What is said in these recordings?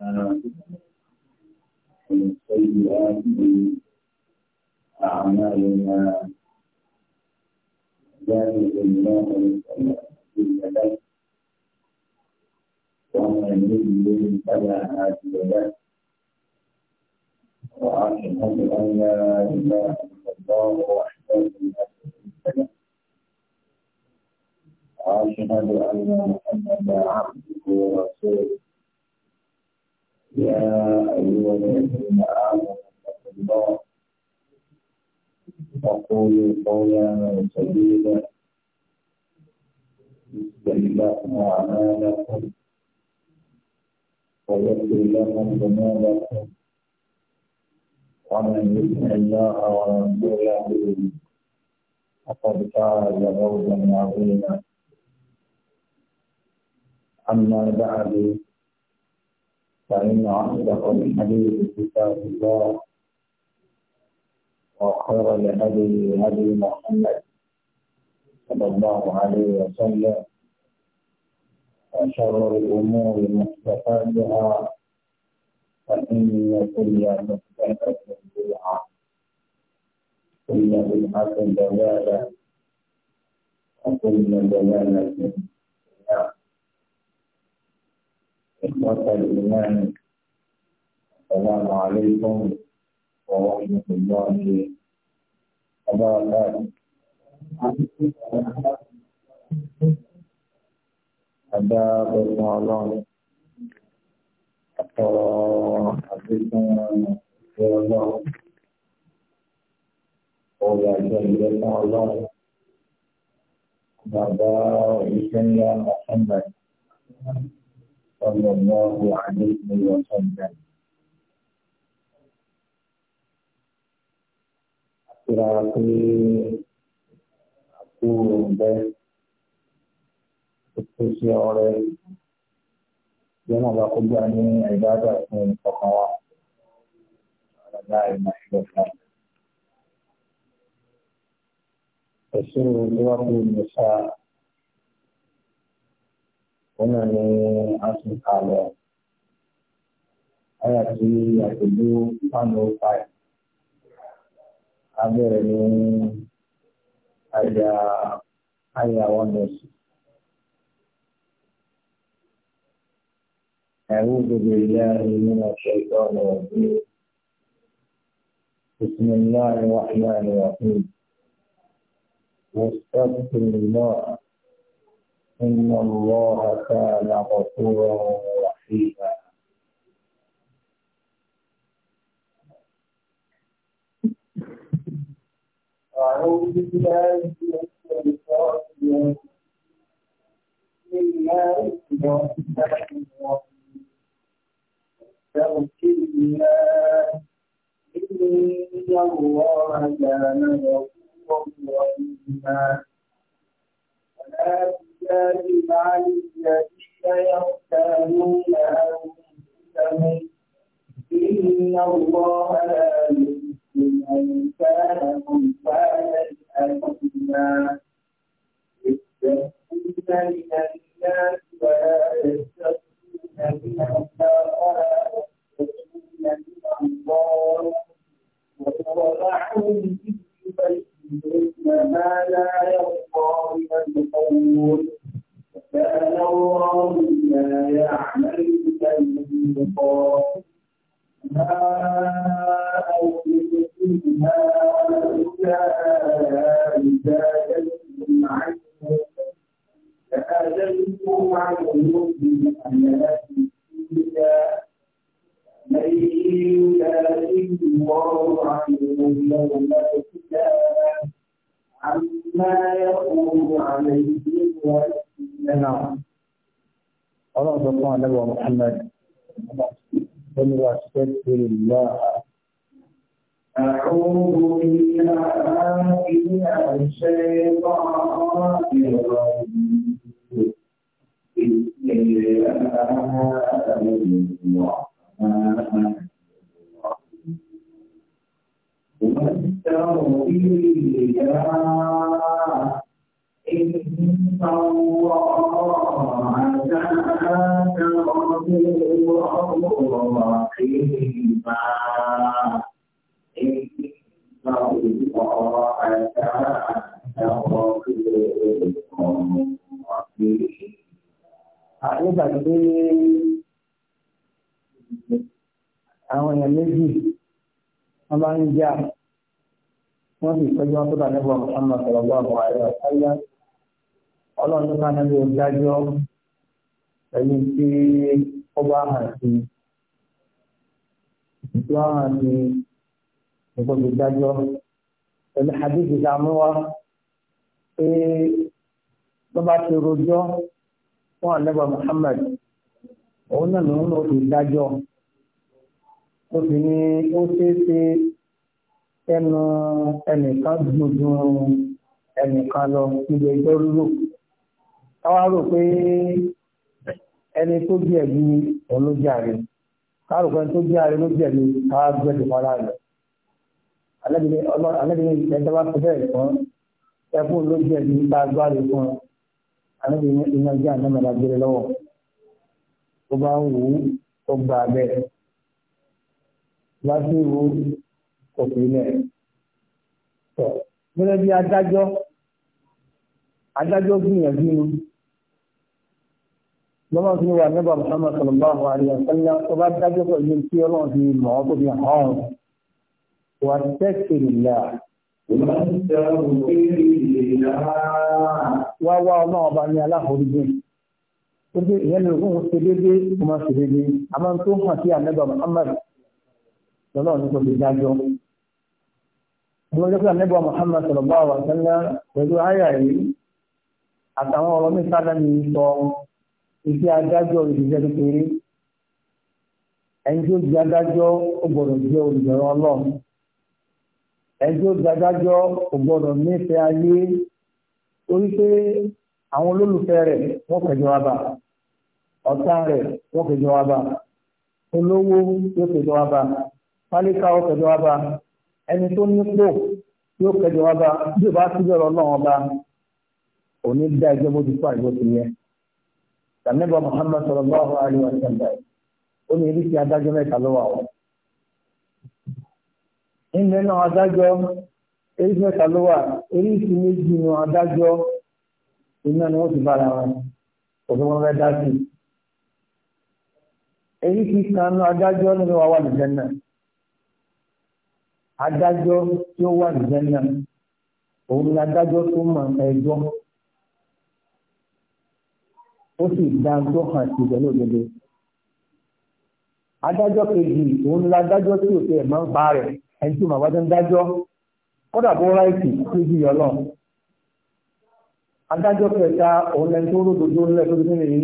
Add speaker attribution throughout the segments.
Speaker 1: ومن سيئات أعمالنا ذلك الله فلا له ومن يضلل فلا هادي له وأشهد أن لا إله إلا الله وحده لا شريك له وأشهد أن محمدا عبده ورسوله يا أيها الذين آمنوا اتقوا الله وقولوا قولا سديدا يسجد لكم أعمالكم ويغفر لكم ذنوبكم ومن يطع الله ورسوله فقد فاز فوزا عظيما أما بعد فإن أصدق الحديث كتاب الله وخير الهدي هدي محمد صلى الله عليه وسلم وشر الأمور محدثاتها فإن كل محدثة بدعة كل بدعة ضلالة وكل ضلالة في النار إخوة الإيمان السلام عليكم ورحمة الله وبركاته ada persoalan atau habisnya Allah oleh jalan Allah kepada Islam yang Muhammad صلى الله عليه وسلم kira aku dan khususnya oleh yang aku kubah ini ibadah yang kekawa lain masyarakat. Rasul Tuhan Musa òun náà ni a tún kà lọ. Àyà tí a ti dú fáànù fáì. Abẹ́rẹ́ ní àyà àyà wọn lọ sí. أعوذ بالله من إن الله كان غفورا رحيما أعوذ بالله من الشيطان الرجيم بسم الله الرحمن الرحيم توكل الله إن الله كان غفورا رحيما
Speaker 2: ولا تجادل الذين يختانون أنفسهم إن الله لا يحب
Speaker 1: من كان كفارا أثيما يستحقون من ولا يستحقون من الله ولا الله وهو معهم إذ إن ما لا يرضى من القول كان الله بما يعمل سبيقا ما أوجد فيها هؤلاء زادتهم عنه زادتهم عنه بالحياة الدنيا من يلاقي الله عنه يوم القيامة عما يقول عليه وسلم أراد الله نبوة محمد أن واستغفر أعوذ بالله من الشيطان الرجيم بسم الله وَالْتَرْهِ إِلَّا إِنَّ اللَّهَ عَزَاكَ رَبُّهُ رَحِيمًا إِنَّ اللَّهَ عَزَاكَ رَبُّهُ
Speaker 2: رَحِيمًا àwọn èèyàn méjì wọ́n bá ń jà wọ́n sì tọ́jú wọn tó bá níbo Muhammad sallallahu alaihi wa sallam ọlọ́run tó bá níbo dájọ́ pẹ̀lú tí ó bá hàn sí tí wọ́n hàn sí nǹkan tó dájọ́ pẹ̀lú hadith ìdààmúwa pé ló bá ti rojọ́ fún àlẹ́bà Muhammad òun náà lòun náà ti dájọ́ tó fi ní ó ṣeé ṣe ẹnu ẹnìkan gbogbo ẹnìkan lọ níbi ẹjọ́ rúrò káwá rò pé ẹni tó bí ẹ̀bí òun ló jàre káàrò kan tó bí ààrẹ ló bí ẹ̀bí káwá gbẹ̀dẹ̀ fara rẹ̀ alẹ́bìnrin ìgbẹ́jọ́ bá fẹ́ bẹ́ẹ̀ fún ẹkún ló bí ẹ̀bí ká gbáre fún
Speaker 1: alẹ́bìnrin iná jẹ́ àdámọ̀lá gbére lọ́wọ́ tó bá ń wù ú tó gbà
Speaker 2: bẹ́ẹ̀ lásìkò òfin náà tọ gẹ́gẹ́ bí adájọ́ adájọ́ gbìyànjú ni lọ́wọ́ fi wà nígbà Muhammad sallallahu alayhi wa sallam tó bá dájọ́ pẹ̀lú tí ọlọ́run fi mọ̀ ọ́ tó fi hàn án wà tẹ́kìlá. Wá wá ọlọ́run ọba ní aláforíjì. Ó dé ìyẹn lè fún ṣe déédéé, ó ṣe déédéé. Àmọ́ tó hàn sí àmẹ́gbà Muhammad lọ́nà ní kò fi dájọ́. Bí wọ́n jẹ́ pé àmẹ́bọ̀ Muhammad sallallahu alaihi wasallam pẹ̀lú àyà yìí àtàwọn ọ̀rọ̀ mi sáadá mi sọ iṣẹ́ adájọ́ ìdíjẹ́ kékeré. Ẹni tí ó di adájọ́ ó gbọ́dọ̀ jẹ́ olùbẹ̀rẹ̀ ọlọ́run. Ẹni tí ó di adájọ́ ó gbọ́dọ̀ nífẹ̀ẹ́ ayé torí pé àwọn olólùfẹ́ rẹ̀ wọ́n kẹjọ wa bá ọ̀tá rẹ̀ wọ́n kẹjọ wa bá olówó yóò kẹjọ wa bá pálíkà ó kẹjọ wá bá ẹni tó nípò yóò kẹjọ wá bá bí ó bá síbẹ̀rọ náà ọba òní dá ẹjọ́ bójú fún àjọ tó yẹ tàmíbà Muhammad sallallahu alaihi wa sallam ó ní ibi tí adájọ́ mẹ́ta ló wà wọ́n. ìnlẹ̀ náà adájọ́ eré mẹ́ta ló wà eré ìsìn méjì náà adájọ́ iná ni wọ́n ti bára wọn òfin wọn fẹ́ dá sí i. eré kíkan náà adájọ́ nínú wa wà náà adájọ́ tí ó wà nìjẹ́nà òun ni adájọ́ tó mọ ẹjọ́ ó sì dá tó hàn sí ìjọ lódodo adájọ́ kejì òun ni adájọ́ tí òkè ẹ̀ máa ń pa rẹ̀ ẹni tí màá wájú ń dájọ́ kódà bó ráìtì kejì ọlọ adájọ́ kẹta òun lẹni tó lódodo ńlẹ̀ tó dúró nìyí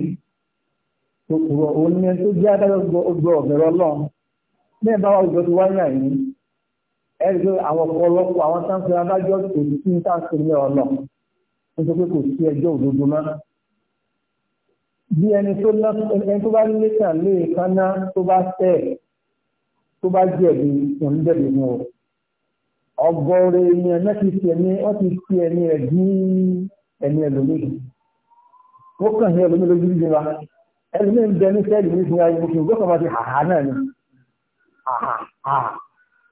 Speaker 2: tó kúrò òun ni ẹni tó jẹ́ adájọ́ gbọ́ ọ̀bẹ̀rẹ̀ ọlọ́run bẹ́ẹ̀ bá wà ìjọ tó wáyà yìí ẹ̀rí pé àwọn ọ̀pọ̀lọpọ̀ àwọn sáńsẹ̀ adájọ́ kò sí ní sáńsẹ̀ ilé ọ̀nà nítorí pé kò sí ẹjọ́ òdodo mọ́. bí ẹni tó ná ẹni tó bá lé kàn lé kánná tó bá tẹ̀ tó bá jẹ̀bi kò ní jẹ̀bi mu o. ọgọ́rẹ́ ènìyàn náà ti fi ẹni wọ́n ti fi ẹni rẹ̀ bí ẹni ẹlòmíì. ó kàn ní ẹlòmíì lójú bí wa ẹlòmíì ń bẹ ní sẹ́ẹ̀lì ní ìsinmi ayé mo ti hàhà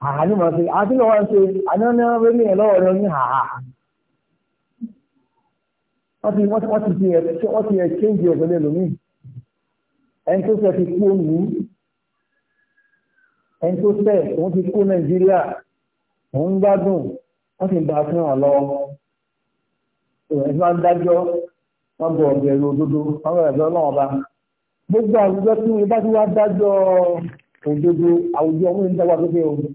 Speaker 2: àánú máa ṣe àti lọ́wọ́ ṣe ànáná rẹ́lì yẹn lọ́wọ́ rẹ ní àhà. wọ́n ti wọ́n ti fi ẹ̀ wọ́n ti ẹ̀ kéńjì ẹ̀ pẹ̀lú ẹlòmíì ẹni tó fẹ́ fi kú òní ẹni tó fẹ́ òun ti kú nàìjíríà òun gbádùn wọ́n sì ń bá fún wọn lọ́wọ́ ìrìn máa ń dájọ́ wọ́n bọ̀ ọ̀bẹ̀rẹ̀ òdodo wọ́n bẹ̀rẹ̀ bẹ́ẹ̀ lọ́wọ́ bá gbogbo àwùjọ tí wọ́n bá ti wá dájọ́ òdodo àwùjọ wọn ń dáwà lókè òdodo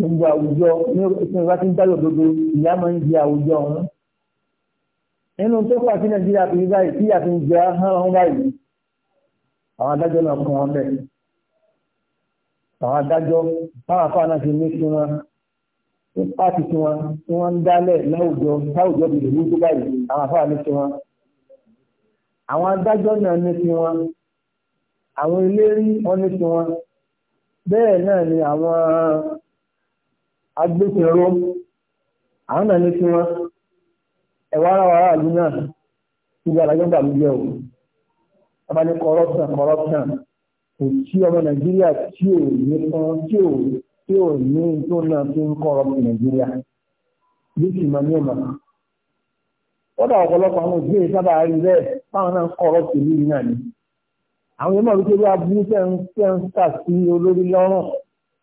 Speaker 2: gbogbo àwùjọ ní ìpínlẹ̀ bá ti ń dáyọ̀ gbogbo ìyá máa ń di àwùjọ ọ̀hún. nínú tó fà sí nàìjíríà fi báyìí tí àfi ń jẹ hàn án báyìí àwọn adájọ́ náà kún wọn bẹ́ẹ̀. àwọn adájọ́ báwọn afáwọn náà ti ní sí wọn ní pààtì sí wọn tí wọ́n ń dálẹ̀ láwùjọ táwùjọ bìbì ní tó báyìí àwọn afáwọn ní sí wọn. àwọn adájọ́ náà ní sí wọn àwọn eléré wọn ní sí wọn bẹ́ẹ̀ náà ni àwọn agbófinró àwọn náà ní kí wọ́n ẹ̀wọ́ ara wa aráàlú náà síbi àlàjọ́ gbà mí yẹ o ọba ní corruption corruption kò tí ọmọ nàìjíríà tí ò ní fún tí ò tí ò ní tó náà fi ń corrupt nàìjíríà bí sì máa ní ìmọ̀ kódà ọ̀pọ̀lọpọ̀ àwọn òbí rẹ̀ sábà rí bẹ́ẹ̀ báwọn náà ń corrupt ìlú yìí náà ni àwọn yẹn mọ̀ wípé bí aburú tẹ́ ń tà sí olórí lọ́rùn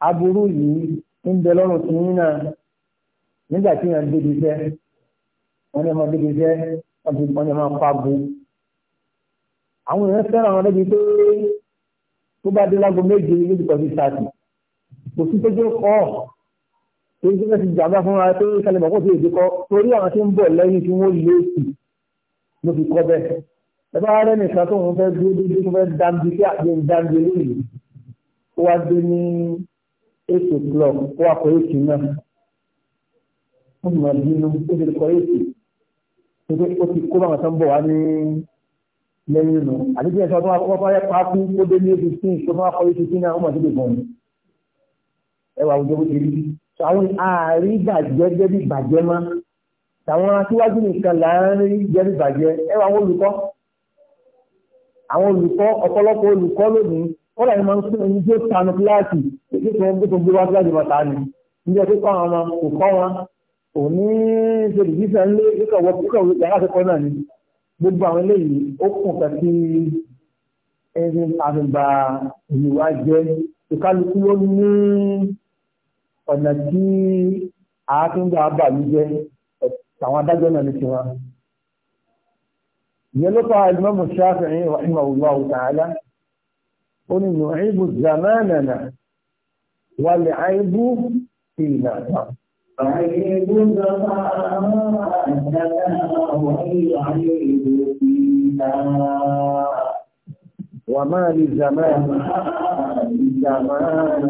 Speaker 2: aburú yìí ń bẹ lọ́rùn tí yín náà nígbà tí yàn débi iṣẹ́ wọ́n ní ọmọ débi iṣẹ́ wọ́n ti wọ́n ní ọmọ pàbó àwọn èèyàn fẹ́ràn àwọn débi pé tó bá dé lágbo méje lójú kan sí sáàtì kò sí tó dé kọ́ torí tó fẹ́ ti jàmbá fún wa pé sálẹ̀ mọ̀kó tó èdè kọ́ torí àwọn tí ń bọ̀ lẹ́yìn tí wọ́n lé sí ló fi kọ́ bẹ́ẹ̀ ẹ bá rẹ́ nìkan tó ń fẹ́ dúró dédé tó fẹ́ dáńdé sí àgbẹ̀ dáńdé lónìí ó wá dé ní eight o'clock ó wà kọ́ eight náà ó mọ̀ bínú ó ti kọ́ eight pé ó ti kó báwọn sọ́n bọ̀ wá ní lẹ́yìn nù àti bí ẹ̀sọ́ tó wọ́n bá yẹ pákú ó dé ní fifteen tó bá kọ́ eight fifteen náà ó mọ̀ síbi gan-an ẹwà àwùjọ bó ti rí so àwọn ààrí bàjẹ́ gẹ́bí bàjẹ́ má tàwọn aṣíwájú nìkan là ń rí gẹ́bí bàjẹ́ ẹwà àwọn olùkọ́ àwọn olùkọ́ ọ̀pọ̀lọpọ̀ olùkọ́ lónìí wọ́n láti máa ń sún ẹni tí ó tanu kíláàsì tí kò tó gbé wá kíláàsì bàtà ni níjẹ́ pé kọ́ àwọn ọmọ kò kọ́ wọn kò ní ṣe lè yíṣẹ́ ńlé kíkọ̀wọ́ kíkọ̀wọ́ yàrá àkọ́kọ́ náà ni gbogbo àwọn eléyìí ó kùn kà sí ẹni àfìgbà ìwà jẹ́ ìkálukú ló ní ọ̀nà tí àátúndà bà mí jẹ́ àwọn adájọ́ náà ní tiwọn. ìyẹn ló fa Imam Shafi'i rahimahullahu ta'ala قل انه عيب زماننا والعيب فينا
Speaker 1: عيب زماننا والعيب فينا وما لزمان زمان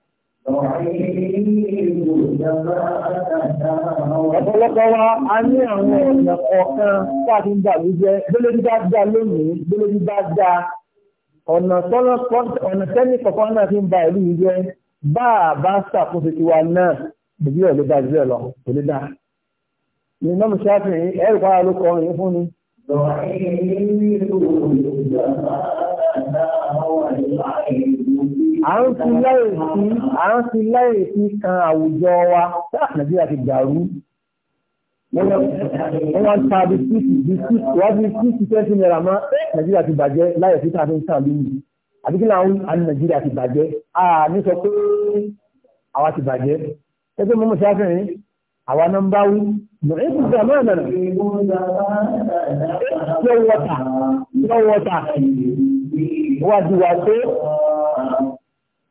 Speaker 2: Ọ̀pọ̀lọpọ̀ wa a ní àwọn ọ̀nà kọ̀ọ̀kan káàkiri dàbí jẹ́ gbélébí bá dá lónìí, gbélébí bá dá ọ̀nà tẹ́lẹ̀ kọ̀ọ̀kan náà fi ń ba ìlú yìí jẹ́ bá a bá ṣàkóso tiwa náà ìbí ẹ̀ bá jù lọ kò lè dá. Ní nọ́ọ̀mù ṣáàfin yìí, ẹ̀rù pa ló kọ ọ̀rìn fún ni. Lọ́ọ̀rìn
Speaker 1: ní ìlú ìjọba àtàwọn àìsàn à ń fi láyè sí
Speaker 2: à ń fi láyè sí kan àwùjọ wa nàìjíríà ti dàrú
Speaker 1: wọ́n wá ń ta bí
Speaker 2: síìtì bí síìtì wá bí síìtì twenty naira mọ́ nàìjíríà ti bàjẹ́ láyè sí tàbí ń tàn lóyún àbí kí làwọn àní nàìjíríà ti bàjẹ́ à ní sọ pé àwa ti bàjẹ́ ẹgbẹ́ mọ́mọ́ sáfẹ́rin àwa náà ń bá wí mọ̀rẹ́ ti gbà máa nàrà pure water pure water wá di wà pé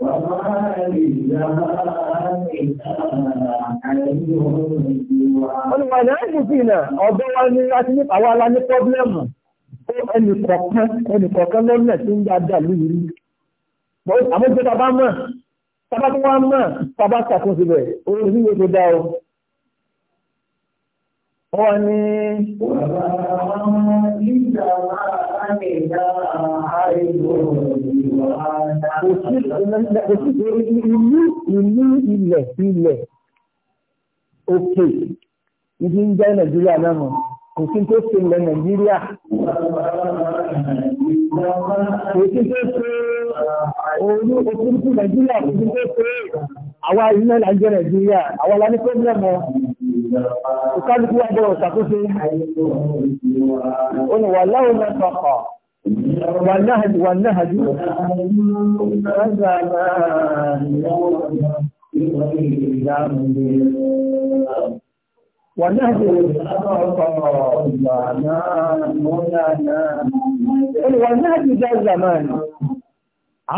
Speaker 1: Olùmọ̀lẹ́
Speaker 2: ìdìtì ilẹ̀ ọ̀dọ́ wa ní láti ní àwọn alá ní pọ́blẹ́mù ẹnìkọ̀ọ̀kan ẹnìkọ̀ọ̀kan lọ́nà tí ń dáadáa lórí rí. Àmójútó tàbá mọ̀, tàbá tó wá mọ̀, tàbá ṣàkóso rẹ̀, orí rí ètò dá o. Wọ́n ní. Wọ́n ní ìjà máa ń ìlú ìlú ilẹ̀ ilẹ̀ òkè ibi ń jẹ́ nàìjíríà náà mọ̀ kò sí tó ṣe ilẹ̀ nàìjíríà kò sí tó ṣe orí òkúrukú nàìjíríà kò sí tó ṣe àwa ìlú náà ń jẹ́ nàìjíríà àwa la ní pọ́blẹ́mù ìkálukú àbọ̀rọ̀ ṣàkóso ó ní wà láwọn mẹ́ta kọ̀. والنهج والنهج والنهج والنهج جاء الزمان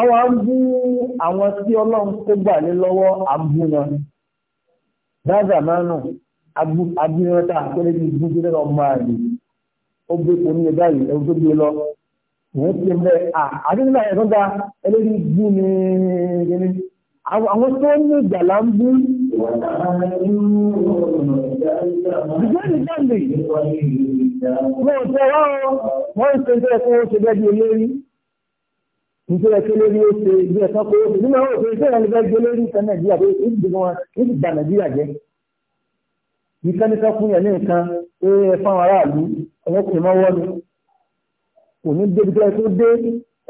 Speaker 2: àwọn àbú àwọn tí ọlọ́run tó gbà ní lọ́wọ́ àbú wọn dáadáa máa nù abúrẹ́ta tó lè ní ìgbúgbé lọ́wọ́ máa rí ó gbé kò ní ẹ̀dá yìí wọ́n ti mẹ́ àdínlá ẹ̀rọ gba ẹlẹ́rìí bú ní ẹni àwọn tó ní ìgbàlá ń bú
Speaker 1: ìgbẹ́ni jáde
Speaker 2: wọ́n tẹ́ wá wọ́n ṣe jẹ́ kó ṣe bẹ́ di olórí nítorí ẹ̀kẹ́ lórí ó ṣe ibi ẹ̀kan kó ṣe nínú àwọn òṣèré tẹ́lẹ̀ nígbà gbé lórí ìtàn nàìjíríà pé ó ti wọn ó ti gba nàìjíríà jẹ nìkan nìkan fún yẹn ní nǹkan ó yẹ fáwọn aráàlú ọwọ́ kò mọ́wọ́ ni kò ní débi tó yẹ kó dé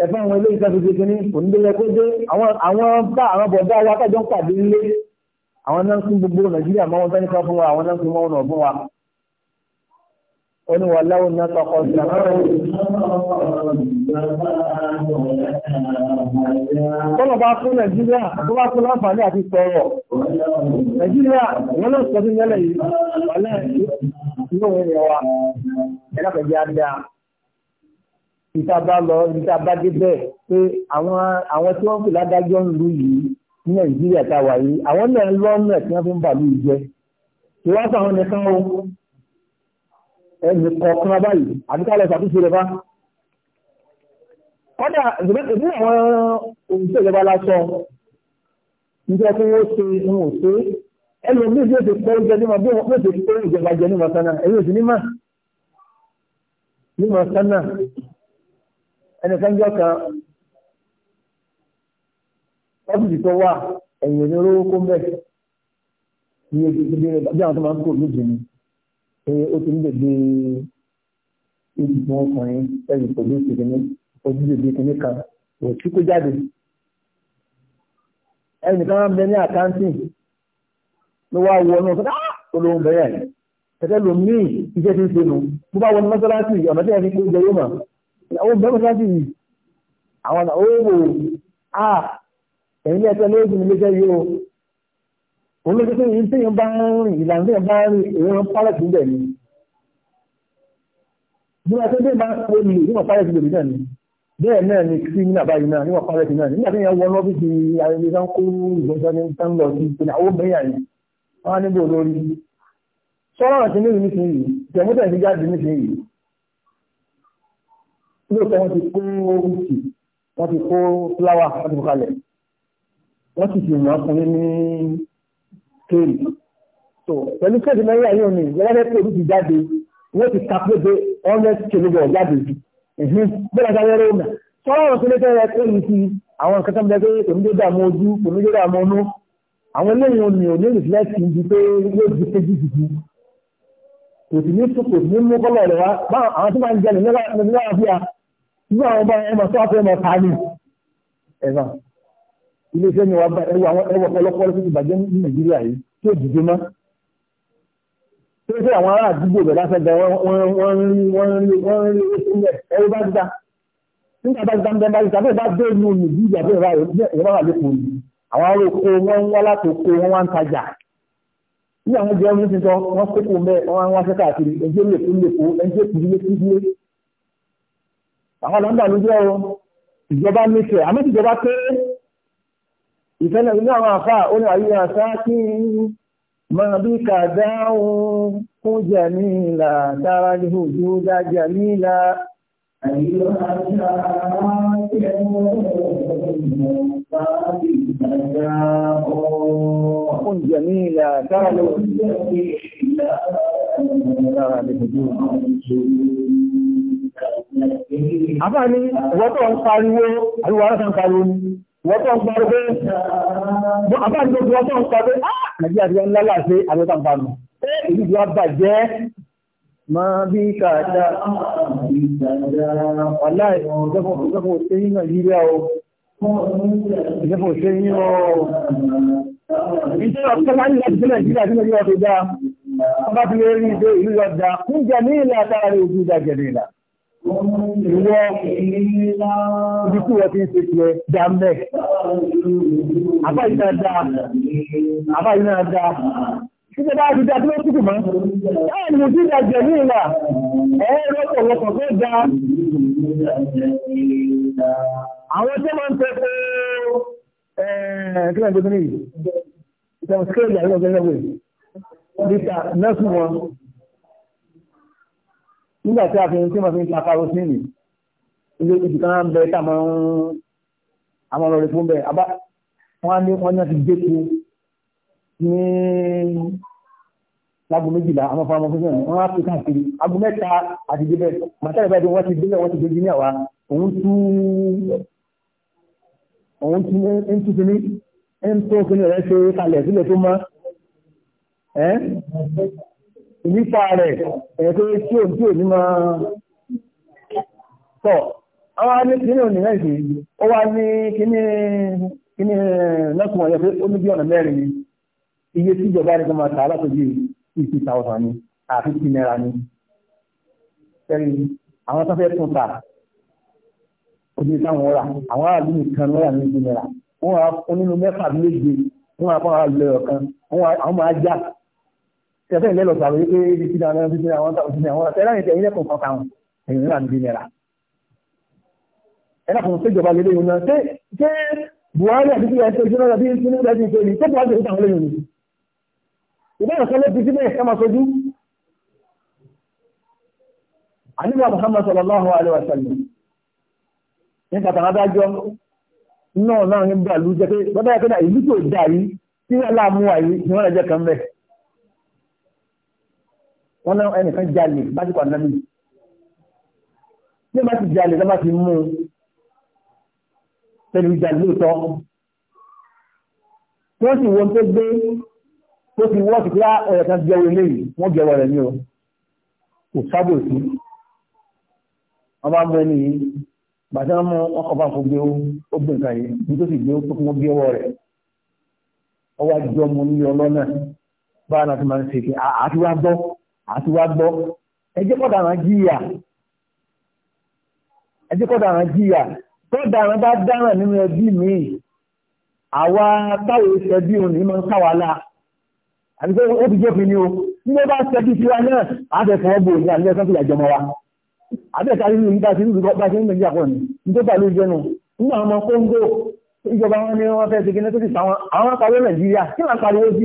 Speaker 2: ẹ̀fọn àwọn ilé ìta tuntun kìíní kò ní débi kó dé àwọn bá àwọn bọ̀dá wa kájọ ń pàdé ilé àwọn náà ń kún gbogbo nàìjíríà máa wọn fẹ́ nípa fún wa àwọn náà ń kún wọn fún wa. ó ní wà láwọn náà tọkọ ìsàmọ́ràn. tọ́lọ̀ bá fún nàìjíríà tó bá fún láǹfààní àti sọ̀rọ̀ nàìjíríà wọn náà sọ sí nílẹ̀ yìí wà láì yóò wọ́n yẹn wa ẹ̀dá pẹ̀lú àdáa ìta bá lọ ìta bá dé bẹ́ẹ̀ pé àwọn àwọn tí wọ́n fi ládájọ́ ń lu yìí ní nàìjíríà tá a wà yìí àwọn náà ń lọ́nà tí wọ́n fi ń bà lù jẹ kí wọ́n sọ àwọn nìkan o ẹnì kọ̀ọ̀kan báyìí àbí ká lọ ṣàtúnṣe rẹ̀ bá. kọ́dà ìbí àwọn òṣìṣẹ́ ìjọba lásọ nígbà tí wọ́n ṣe ń wò ṣe ẹlòmíì bí ó ti kọ́ ìjọba nímọ̀ bí ó ti kọ́ ìjọba jẹ nímọ̀ sánà ẹ̀yìn òsì nímọ̀ nímọ̀ sánà ẹnìkan jọ kan ọ́fíìsì tó wà ẹ̀yìn ní olówó kó mbẹ́ iye gbèdé bí àwọn tó máa ń kó méje ni pé ó ti ń gbèdé ìgbìmọ̀ ọkùnrin ẹ̀yìn pẹ̀lú ìṣèkínní ojú gbèdé kìíní kan kò tí kó jáde ẹnìkan máa ń bẹ ní àkáǹtì ló wá wọ ọ́nà ọ̀sán olóhùn bẹ̀rẹ̀ kẹ̀kẹ́ lomi iṣẹ́ ti ń ṣe nù bó bá wọ ní mọ́sálásì ọ̀nà tí fi kó jẹ yóò mọ̀ ìyàwó bẹ́ẹ̀ mọ́tò láti yìí àwọn ọ̀nà owó à ẹ̀yìn ní ẹ̀tọ́ lóògùn ní iléeṣẹ́ yìí o òun ló kékeré yìí téèyàn bá ń rìn ìlànà téèyàn bá ń rìn èèyàn ń ni bí wọ́n ni ni kí ní àbáyé náà níwọ̀n pálẹ̀ sí ni nígbà téèyàn wọ lọ́fíìsì ayẹyẹ sáń kó ìgbésẹ̀ ní sáń lọ sí ìpínlẹ̀ àwọn bẹ́yà ni wọ́n á níbo lórí sọ́rọ̀ àti níbi nísìnyí tẹ̀mọ́tẹ̀ ti lóòótọ́ wọ́n ti kó rúùtì wọ́n ti kó fúláwà wọ́n ti kó kalẹ̀ wọ́n sì ti yàn fún ní kéèrì tó pẹ̀lú kéèrì mẹ́rin ayé òní ìjọba fẹ́ pé rúùtì jáde wọ́n ti ka pé pé hundred kilogram jáde jù bẹ́ẹ̀ náà sáré rẹ́wọ̀n sọ́wọ́n tó lé tẹ́lẹ̀ pé ìfi àwọn nǹkan tó ń bẹ pé kò ní dé dààmú ojú kò ní dé dààmú ọnú àwọn eléyìí òní òní rìflẹ́tì ń di pé yóò di péjì jìjì kò sì ní kò sì ní mú kọ́lọ̀ rẹ̀ wá báwọn àwọn tó máa ń jẹ nínú àwọn àfihàn nígbà àwọn ọba ẹmọ tó wà fẹ́ ẹmọ tani ẹ̀fà ilé iṣẹ́ ni ẹwọ àwọn ẹwọ ọlọ́pọ̀ lọ́sí ìbàjẹ́ ní nàìjíríà yìí tí ó dìde mọ́ tó ṣe àwọn ará àdúgbò rẹ̀ láfẹ́ gba wọ́n rí wọ́n rí wọ́n rí sílẹ̀ ẹwọ bá dídá nígbà bá dídá ń bẹ bá dídá bẹ́ẹ̀ bá dé inú nàìjíríà bẹ́ẹ̀ bá ìjọba wà lóko yìí àwọn ará oko wọ́n ń wá láti oko wọ́n wá ń tajà ní àwọn jẹ́ omi tuntun wọ́n kókò mẹ́ wọ́n wá ń wá àwọn lọ́ńdà ló jẹ́ o ìjọba nífẹ̀ẹ́ àmọ́ pé ìfẹ́lẹ̀ nínú àwọn àfà ó ní àyíká kí máa bí kàdá òun kún jẹ̀míìlà dára ní ojú dá jẹ̀míìlà. Kún jẹ̀míìlà dára ní ojú dá jẹ̀míìlà. Àbáà ní ìwọ́tọ̀ ń pariwo, àríwá rẹ̀ ń pariwo ni, ìwọ́tọ̀ ń pariwo, àbáà ní gbogbo ọtọ̀ ń pariwo, ah! Nàìjíríà ti wọ́n lálàá sí àbẹ́ta ń pariwo. Ẹ́ èyí ti wá bàjẹ́ máa bí kàdá wàláì ìjọpọ̀ òṣèré ní nàìjíríà o ìjọpọ̀ òṣèré ní ọ̀rọ̀ ìjọpọ̀ òṣèré ní nàìjíríà tí nàìjíríà tó dáa wọ́n bá ti lè rí ìdó ìlú ọjà fún jẹ́ ní ilẹ̀ àtàrí ojú ìdájẹ̀ ní ìlà Ìwọ ibi tí wọ́n ti ń ṣe ti ẹ dámbẹ̀. Àbáyí náà dáa. Àbáyí náà dáa. Títẹ́ bá ti dá tí ó tútù mọ́. Láà ní ojú ìdá jẹ̀ ní ìlà. Ẹ̀rọ ọ̀pọ̀lọpọ̀ tó da. Àwọn tí wọ́n ń tẹ́ pé kí lẹ́yìn tó ní yìí. Ìtàn skéèlì àwọn ọ̀gá ẹgbẹ́. Lítà nọ́ọ̀sì wọn nígbà tí a fi tí wọ́n fi ń ta karosíìnì ilé ibi kan ń bẹ táwọn àwọn ọlọ́rẹ̀ fún bẹ abá wọ́n ní wọ́n náà ti dẹ́kun ní lágbo méjìlá àwọn fọmọ fún sẹ́yìn wọ́n á fi káàkiri agbo mẹ́ta àti débẹ̀ màtẹ́rẹ̀ báyìí wọ́n ti délẹ̀ wọ́n ti dojú ní àwa òun tú òun tú ń tú kíní ń tó kíní rẹ̀ ṣe kalẹ̀ sílẹ̀ tó mọ́ ìyípa rẹ̀ ẹ̀ẹ́kọ́ tí ò tí ò ní máa tọ̀. Àwọn ní kíní òní náà sí, ó wá ní kíní lọ́kùnrin ọ̀yọ́ pé ó ní bí ọ̀nà mẹ́rin ni, iye tí ìjọba ní kọ́ máa tààrà tó bí fifty ni, àfi tí náírà ni. Sẹ́rí, àwọn tó fẹ́ tún ta, ó táwọn ọ̀rà, àwọn àlú nìkan lọ́rà ní ìdí náírà. Wọ́n wá onínú mẹ́fà méje, wọ́n wá fún àwọn àlọ́ tẹ̀sẹ̀ ilé lọ sàrò wípé ibi tí àwọn ibi tí àwọn ọ̀tàwọn ìṣẹ̀lẹ̀ àwọn ọ̀tẹ̀ láyé tẹ̀ ilé kọ̀ọ̀kan kan èyí nílà níbi nira. ẹ̀rọ kan péjọba lélé yìí náà ṣé ṣé Buhari àti bíi ẹsẹ̀ ìṣúná tàbí ìṣúná tàbí ìṣe ni tẹ́tù àti ìṣàwọn lẹ́yìn ni. ìbéèrè kan ló ti sí bẹ́ẹ̀ ká máa sojú. àníbà Muhammad sallallahu alaihi wa sallam ní kàtàkà dájọ́ náà náà ń bà lú jẹ́ pé bàbá yà wọ́n náà ẹnìkan jalè bájú pa nàbí bí wọ́n bá ti jalè lọ́ba ti mú un pẹ̀lú ìjà lóòótọ́ wọ́n sì wọ́n tó gbé tó ti wọ́n ti pé ah, ọ̀rẹ́ kan jẹ́ orílẹ̀ yìí wọ́n jẹ́ ọ̀rẹ́ ní o kò sábò sí wọ́n bá mú ẹni yìí bàtà mú ọkọ̀ bá fún gbé ó gbé nǹkan yìí ní tó sì gbé ó fún gbé ọwọ́ rẹ̀ ọwọ́ àjọ mu ní ọlọ́nà báwọn àti máa ń ṣe kí àti wá gbọ́ àti wá gbọ́ ẹjẹ́ kọ́ dàrán jíyà ẹjẹ́ kọ́ dàrán jíyà tó dàrán bá dáràn nínú ẹbí mi àwa táwọn ìṣẹ́bí òní máa ń káwàlá àti pé ó ti jẹ́ fi ni o ní ó bá ṣẹ́bí tiwa náà àtẹ̀kọ́ bò ní àlẹ́ kan tó yà jọmọ wa àbẹ́ẹ̀ká nínú yìí bá ti ń bá ti ń nàìjíríà pọ̀ ìjọba wọn ni wọ́n fẹ́ ṣe kí ní tó ti sàwọn àwọn apariwo nàìjíríà kí wọ́n apariwo sí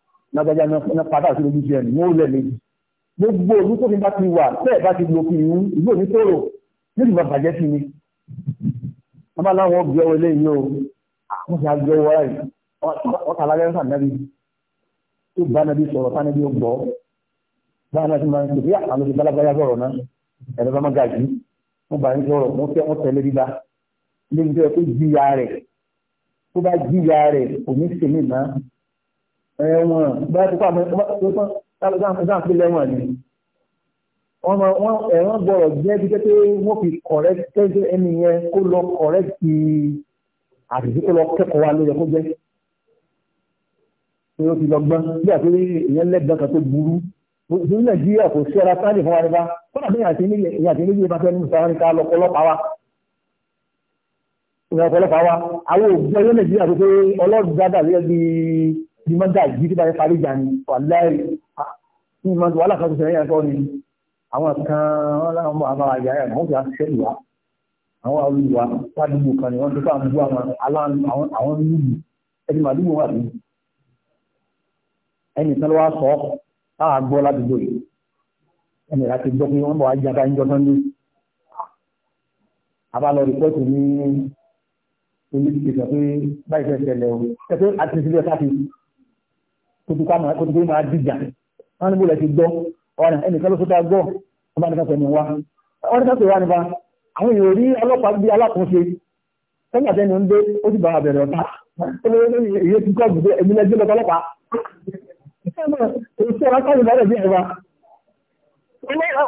Speaker 2: lágbájá náà pátá àti lójú ti ẹnu wọn ò lẹ́lẹ́ gbogbo òní tó fi bá ti wà bẹ́ẹ̀ bá ti gbòkì ìhú ìlú òní tóró níbi bá bàjẹ́ sí ni wọn bá láwọn ọgbẹ́ ọwọ́ eléyìí o wọn ti àgbẹ̀ ọwọ́ rẹ̀ ọkà alágbẹ́rẹ́ sànàbí tó bá nàbí sọ̀rọ̀ sànàbí ó gbọ́ báwọn náà ti máa ń sọ bí àwọn ti bálábáyá sọ̀rọ̀ náà ẹ̀rọ bá má ga jù wọn bá ń sọ̀rọ̀ wọn fẹ́ wọn tẹ̀lé ẹ̀wọ̀n bẹ́ẹ̀ tó pàmò ẹ̀sán fi lẹ́wọ̀n ni wọ́n ẹ̀wọ̀n gbọ́dọ̀ jẹ́ bí pé wọ́n fi correct tẹ́sí ẹni yẹn kó lọ correct àtìsí kó lọ kẹ́kọ̀ọ́ wa ló yẹ kó jẹ́ pé ó ti lọ gbọ́n bí àti ìyẹn lẹ́gbọ́n kan tó burú ní nàìjíríà kò sí ara sáàdì fún wa nípa kọ́nà bí àti níbi ìbá fẹ́ nínú sáà nípa lọ́pọ̀lọpàá wa ìrìn ọ̀pọ̀lọpàá wa àwọn òbí ọyọ́ nàìjíríà tó pé ọlọ́dún dáadáa lẹ́yìn bíi bí mọ́ dà yìí tí bá yẹ parí ìjà ni wàláì ní ìmọ̀ wàhálà kan tó ṣẹlẹ̀ yẹn kọ́ ni àwọn kan wọn láwọn ọmọ àbára ìyá rẹ̀ wọ́n fi àṣẹ ìwà àwọn olùwà ládùúgbò kan ni wọ́n ti fà ń bú àwọn àwọn nílùú ẹni màdúgbò wà ní ẹni kan ló wá sọ táwọn àgbọ̀ ládùúgbò yìí ẹni láti gbọ́ pé wọ́n bọ̀ wá jábá ń jọgbọ́n ní abalọ rìpọ́tù ní olùdíje sọ pé báyìí fẹ́ ṣẹlẹ̀ o ṣe pé àti ìṣẹ̀lẹ̀ sáfì kótó kó máa dìjà wọn ní bóòlù ẹ ti gbọ́ ọ̀rẹ́ ẹnìkan ló sọ́tà gbọ́ ọba nìkan pẹ̀lú wa wọn ní káṣọ ìwà nípa àwọn èèyàn rí ọlọ́pàá bí alákòóso sẹ́yìn àtẹnu ń dé ó sì bá wa bẹ̀rẹ̀ ọ̀tá èyí ti kọ́ gbùdé èmi lẹ́jọ́ lọ tọ́lọ́pàá èyí sọ̀rọ̀ káyọ̀ bá rẹ̀ bí ẹ̀rọ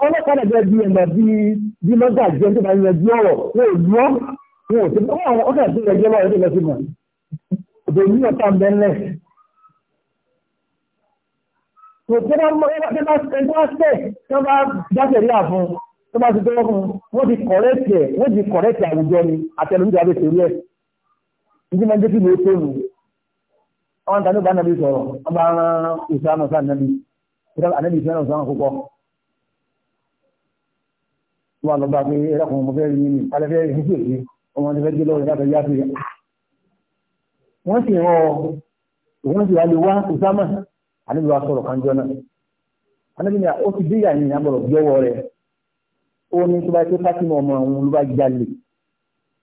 Speaker 2: ọlọ́pàá rẹ̀ bí ẹ̀rọ bí lọ́gà jẹ́ tó bá ń yanjú ọ̀rọ̀ wọn ò lọ́ wọn ò tẹ́lẹ̀ wọn ọ̀kà tó yanjú ọ̀rọ̀ ẹ̀ tó tó bá mọ́ ẹgbẹ́ bá ẹgbẹ́ ọ̀sẹ̀ tó bá jáde rí àfún tó bá ti tọ́wọ́ fún wọ́n ti kọ̀rẹ́tì ẹ̀ wọ́n ti kọ̀rẹ́tì àwùjọ ni àtẹnumíjà bẹ sórí ẹ̀ ìdí máa ń jẹ́ kí lóò tóòlù àwọn tàbí bá nàbí sọ̀rọ̀ ọba rán ìsáàmù sáà nàbí ànábì ìfẹ́ràn sáà kókọ́ wà lọ́gbà sì wá lè wá ìsáàmù àníbi wa sọ̀rọ̀ kan jọ́nà àníbi ni ó ti díyà ní àbọ̀rọ̀ gbọ́wọ́ rẹ̀ ó ní tó bá tó pàtí mọ́ ọmọ òun ló bá jalè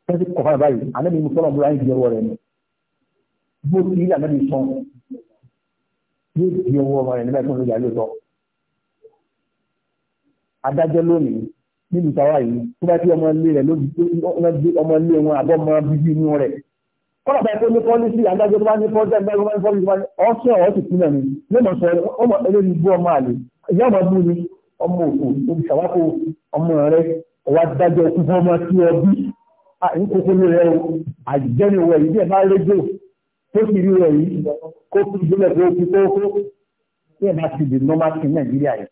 Speaker 2: tó ti kọ̀ọ̀kan báyìí àníbi mo sọ̀rọ̀ bó láyé gbọ́wọ́ rẹ̀ ni bó ti yà níbi sàn yóò di owó ọmọ rẹ̀ nígbà tó ń lo jalè tọ́ adájọ́ lónìí nílùú táwa yìí tó bá tí ọmọ ilé rẹ̀ ló gbé ọmọ ilé wọn àbọ̀ ọmọ bíbí inú rẹ̀ kọ́nà báyìí tó ní pọ́lísì adájọ́ tó bá ní pọ́lísì adájọ́ tó bá ní pọ́lísì tó bá ní ọ̀ṣẹ́ ọ̀ṣì sílẹ̀ ni lẹ́nu sọ ọmọ eléyìí bú ọmọ àlè ìyá ọmọ bú ni ọmọ òkú olùṣàwákò ọmọ rẹ ọwọ́ adájọ́ ikú fún ọmọ tí ọ bí ní kókó ló rẹ o àjẹni wọ yìí bẹ́ẹ̀ bá rédíò tó fi rí rẹ yìí kó fi ìdílẹ̀ tó fi kókó bẹ́ẹ̀ bá ti di normal king nàìjíríà yìí.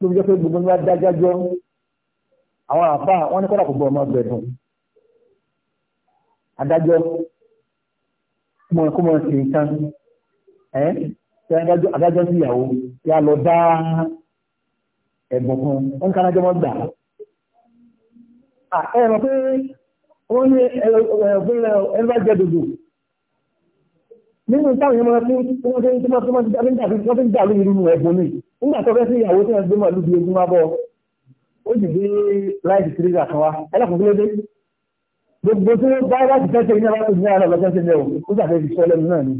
Speaker 2: ló ń jẹ́ pé gbogbo ní wá dájájọ́ àwọn àbá wọn ní kọ́nà kò gbọ́ ọmọ bẹ̀rù adájọ́ mọ̀ kó mọ̀ sí nǹkan ẹ́ adájọ́ sí ìyàwó yà lọ dá ẹ̀bùn kan wọ́n ká adájọ́ mọ́ gbà ẹ mọ̀ pé wọ́n ní ẹ̀rọ jẹ́ nínú táwọn èèyàn máa wọ́n fi ń tó máa fi wọ́n fi ń dàlú irú ẹ̀bùn ni nígbà tó fẹ́ sí ìyàwó tí wọ́n gbé màlúù bí ogun máa ó sì gbé láìsí tìrìgà kan wá ẹlẹ́kùn dé gbogbo tí ó bá láti fẹ́ tẹ̀lé náà láti ní ara lọ́jọ́ sílẹ̀ ó sàfẹ́ fi sọ́lẹ̀ náà ni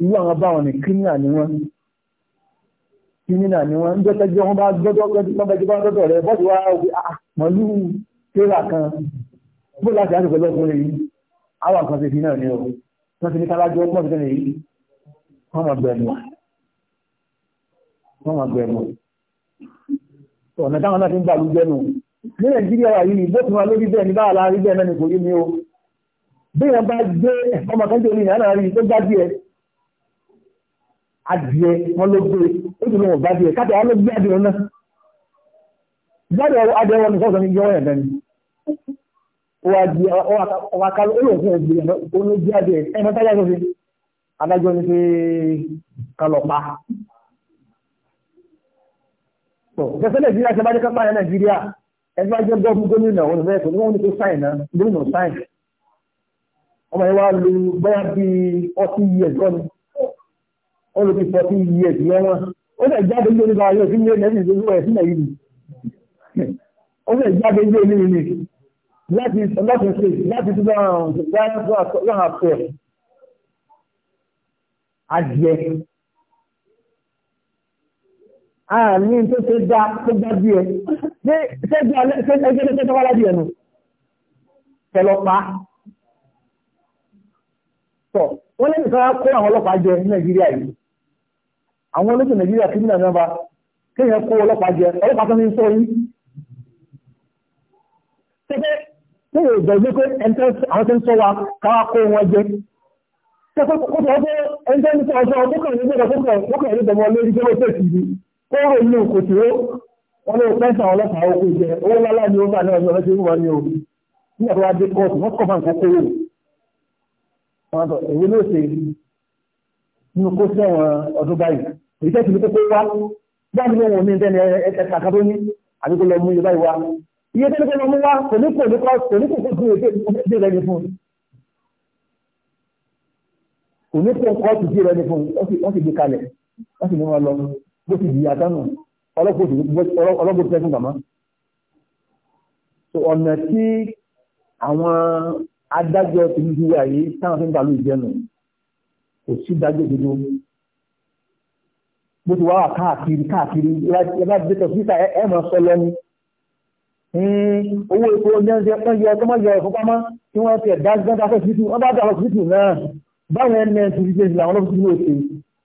Speaker 2: irú àwọn báwọn ní kírímìnà ni wọ́n kírímìnà ni wọ́n ń jọ́tẹ́ jọ́ wọ́n bá gbọ́dọ̀ lọ́bẹ̀jọ́ bá dọ́dọ̀ rẹ̀ bọ́ọ̀dù wa wí ah, mọ̀lú tẹ́lá kan bó láti láti pẹ̀lú ọkùnrin yìí àwọn kan ti fi náà ni o wọ́n ti ní kálájọ́ pọ̀ sí tẹ́lẹ̀ yìí wọ́n ọ̀nà táwọn náà ti ń gbàlú jẹ́nu ní nàìjíríà wà yìí bó ti wà lórí bẹ́ẹ̀ ní bá àlá rí bẹ́ẹ̀ náà ní kò yé mi o béèyàn bá gbé ọmọ kan tó ní ìyá náà rí tó gbá díẹ̀ adìẹ wọn ló gbé ó ti lọ wọn bá díẹ̀ káàtì àwọn ló gbé adìẹ náà jáde adìẹ wọn ní sọ́ọ̀sán ní yọ ọ̀yàn dání ọwọ́ akálọ́ ó lò fún ẹgbẹ́ yẹn ó ló gbé adìẹ ẹ̀ mọ́tá yá sọ́sẹ́ adájọ́ ní pé kálọ̀ pa tọ̀ kẹsẹ́ nàìjíríà ṣe nàìjíríà ẹni bá jẹ́ gọ́ọ̀mù gómìnà òun ìbẹ̀rẹ̀ tó ní wọ́n ní kó sáìn náà gómìnà sáìn ọmọ yẹn wá lu bóyá bíi forty years lọ́nu ó lò bíi forty years lọ́wọ́n ó lè jáde ilé nípa ayé òfin yẹn lẹ́yìn ìlú ẹ̀ sílẹ̀ yìí ó lè jáde ilé ní ìlú láti láti ṣe láti tún láwọn àpẹ adìẹ àní tó ṣe dá tó gbá bí ẹ ṣé ẹgbẹ́ tó tọ́wọ́ lábí ẹnu tẹlọpàá tọ wọ́n lẹ́nu kan kó àwọn ọlọ́pàá jẹ ní nàìjíríà yìí àwọn olóṣèlú nàìjíríà kí nínú àmì kéèyàn kó ọlọ́pàá jẹ ọlọ́pàá tó ní sọ yìí tẹ́tẹ́ tó yóò gbẹ̀gbẹ́ pé àwọn tó ń sọ wa káwá kó wọn jẹ tẹ́tẹ́ kó tọ́ pé ẹni tó ń sọ ọjọ́ ọkùnrin nígbà tó kọ̀ ọkùnrin nígbà wọn lórí tó lọ́sẹ̀ sí kóró ní òkòtò wọn ló pẹ́sàn ọlọ́pàá ó kó jẹ owó lálá ni ó bá náà yọ lọ́sẹ̀ wọn ní o nígbà tó wá dé kóòtù wọ́n kọ́ máa ń kókó wò wọn sọ èyí ló ṣe nínú kó sẹ́wọ̀n ọdún báyìí èyí tẹ́sí ní kókó wá báyìí ló wọ̀ mí tẹ́ni ẹ̀ka kan tó ní àbí kó lọ mú iye báyìí wá iye tẹ́ni kó lọ mú wá kò ní kò ní kò kò ní kò kó fún ìdí rẹ ní fún kò ní kò kó fún ìdí rẹ ní fún wọ́n sì gbé kalẹ̀ wọ́n sì ní wọn lọ bó ti di àdánù ọlọ́gbò tí ẹkùn gbàmá so ọ̀nà tí àwọn adájọ́ ti ń gbúwà yìí táwọn fi ń gbàlú ìjẹnu kò sí dájọ́ òdodo bó ti wá wà káàkiri káàkiri ẹbá ti tẹ̀sí síta ẹ mọ̀ sọ lẹ́nu owó epo ní ẹnjẹ kan yọ ọkọ máa yọ ẹ̀fọ́ pamọ́ tí wọ́n ti ẹ̀dá gbọ́dá fẹ́ sí ti wọ́n bá dà lọ sí ti náà báwọn ẹni ẹ̀ ti rí jẹ́ ìlànà ọlọ́pàá sí ti ní òṣèlú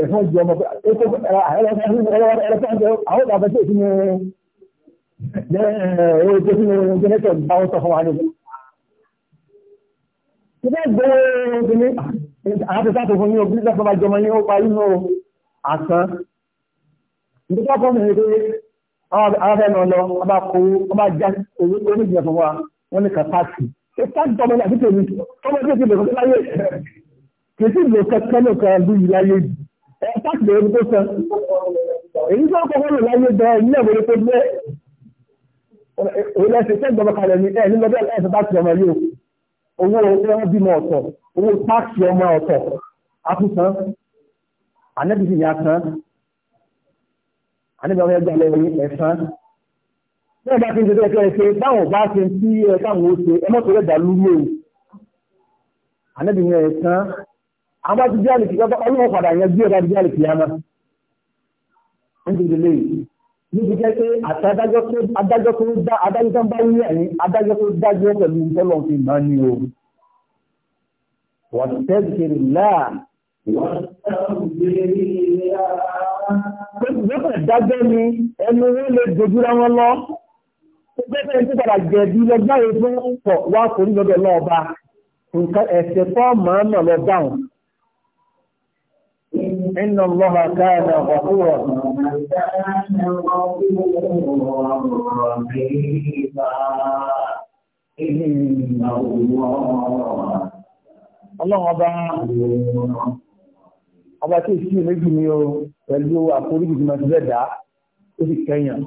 Speaker 2: Ẹ̀fọ́n jọ ọmọ àwọn ọ̀gá tó ìsinmi ẹ̀rọ tó sínú jẹ́nẹ́tọ̀ bá wọ́n sọ fún wa ní. Ṣé gbọ́wọ́ ẹ̀rọ ní àtẹ́sà tó fún ní ogun nígbà fọ́nbà jọmọ ní ó parí ní àsán. Ìdíkà fọ́nmù ní pé àwọn afẹ́ náà lọ, ọba kó, ọba já onígbìyànjú wa, wọ́n ní kàtàkì. Ṣé ká kìí lò kẹ́kẹ́ nìkan bí ìláyé jù ẹ sáàkì lórí tó sàn èyí tó kọ́kọ́ lò láyé jọ ilé ìwé tó gbé òun ẹsẹ̀ tẹ́ gbọmọ kalẹ̀ ní ẹ̀ nílọ́dẹ́ ẹ̀sẹ̀ bá ti ọmọ yìí owó ẹran bímọ ọ̀tọ̀ owó táàkì ọmọ ọ̀tọ̀ akúsan anẹ́bìsì ní asán anẹ́bìsì ọmọ ẹgbẹ́ ọlọ́wọ́ ẹ̀sán bẹ́ẹ̀ bá ti ń ṣe ẹ̀ṣẹ̀ báwọn bá ti ń tí ẹ̀ káwọn ó ṣe ẹmọ́tò rẹ̀ dà lúrú ẹ̀wù anẹ́bìsì ní ẹ̀sán àbá ti jáde kí kọ́kọ́ ọlọ́wọ́ padà yẹn bí ọba ti jáde kí yámá nítorí lè níbi jẹ́ pé àti adájọ́ tó adájọ́ tó dá adájọ́ tó ń bá wí ẹ̀yìn adájọ́ tó dájọ́ pẹ̀lú tọ́lọ̀ fi máa ní o wọ́n tẹ́sìrì láà Gbẹ́gbẹ́ dájọ́ ni ẹnu lọ. Gbẹ́gbẹ́ fún pọ̀ wá forí lọ́dọ̀ lọ́ọ̀ba. Nǹkan ẹ̀sẹ̀ fọ́ọ̀mù náà lọ dáhùn. إن الله كان غفورا Ọlọ́run ọba ọba tí ìsí méjì ni o pẹ̀lú àforíjì tí ti bẹ́ẹ̀dá ó sì kẹyàn.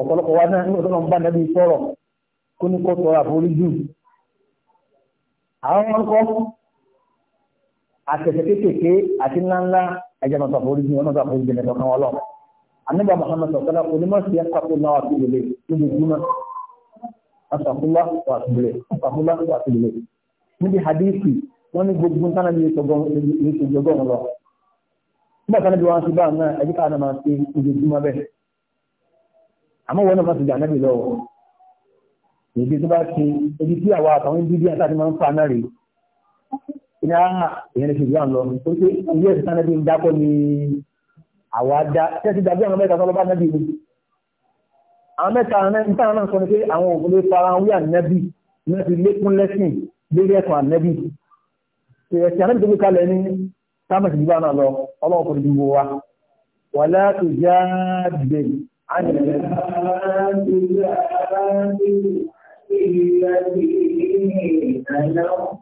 Speaker 2: Ọ̀pọ̀lọpọ̀ wá náà nígbàtọ́ lọ ń bá nẹ́bí kó ní kọ́ Àwọn ọkọ̀ àtẹ̀sẹ̀ kéékèèké àti ńláńlá ẹ̀jẹ̀ máa sọ àforíjì wọn máa sọ àforíjì ẹ̀jẹ̀ kan wọn lọ. Àníbà Mùhàmmad sọ̀tọ́lá onímọ̀sí ẹ̀kọ́ náà wà síbìlẹ̀ níbi ìgbìmọ̀. Asàfúlá wà síbìlẹ̀ Asàfúlá wà síbìlẹ̀. Níbi hadithi wọ́n ní gbogbo nǹkan ní ìṣèjọgọ́rùn lọ. Nígbà kan níbi wọn ṣe báà náà ẹ̀jẹ̀ káà náà máa ṣe ìjọjúmọ́ bẹ́ẹ̀. Àmọ́ wọn náà máa ti jà nábì lọ́wọ́. ṣe ní àhà ìyẹn ní ṣe ìgbà lọ tó ṣe ilé ẹ̀sìn sáré bí ń dákọ́ ni àwa dá tẹ́sí dàbí àwọn mẹ́ta sọ́lọ́ bá nábì ni àwọn mẹ́ta nípa náà sọ ni pé àwọn òfin lè fara wí ànábì náà fi lékún lẹ́sìn lórí ẹ̀sùn ànábì ẹ̀sìn ànábì tó gbé kalẹ̀ ní táàmù ìgbà náà lọ ọlọ́run kò dìbò wa wàlá tó já dè ánìyàn.
Speaker 1: يستأمرون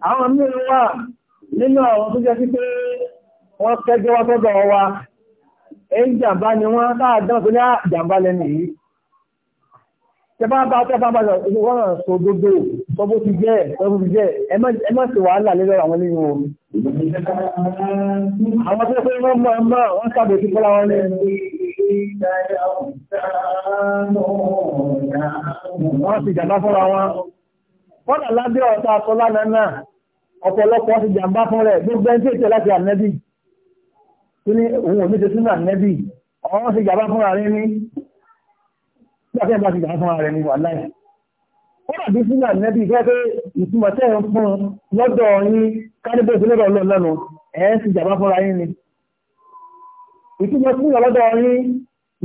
Speaker 2: Àwọn mìíràn wà nínú àwọn tó jẹ́ sí pé wọ́n kẹjọ́ wá tọ́jọ́ wa ẹ̀yìn jàmbá ni wọ́n láàdán tó ní àjàmbá lẹ́nu yìí tẹ́bá bá tẹ́bá bá lọ wọ́n rán so gbogbo sọ bó ti jẹ́ sọ bó ti jẹ́ ẹ má ṣe wàhálà lẹ́rọ àwọn nínú omi àwọn tó pé wọ́n mọ̀ mọ́ wọ́n sábẹ̀ tí kọ́lá wọn lẹ́nu wọ́n sì jàmbá fúnra wọn wọ́n dà lábẹ́ jàmbá fún gbogbo ẹni tí ó tẹ̀ láti ànẹ́bí tó ní òun òmìnira súnà nẹ́bì ọ̀rọ̀ sí jàbá fúnra rẹ̀ ní gbàfẹ́ bá ti jàbá fúnra rẹ̀ ní wàláì ó dàbí súnà nẹ́bì fẹ́ pé ìtumọ̀ tẹ́ ń fún lọ́dọ̀ yín kádébé sí lọ́dọ̀ ọlọ́run lẹ́nu ẹ̀ ń sì jàbá fúnra yín ni ìtumọ̀ sí lọ́dọ̀ yín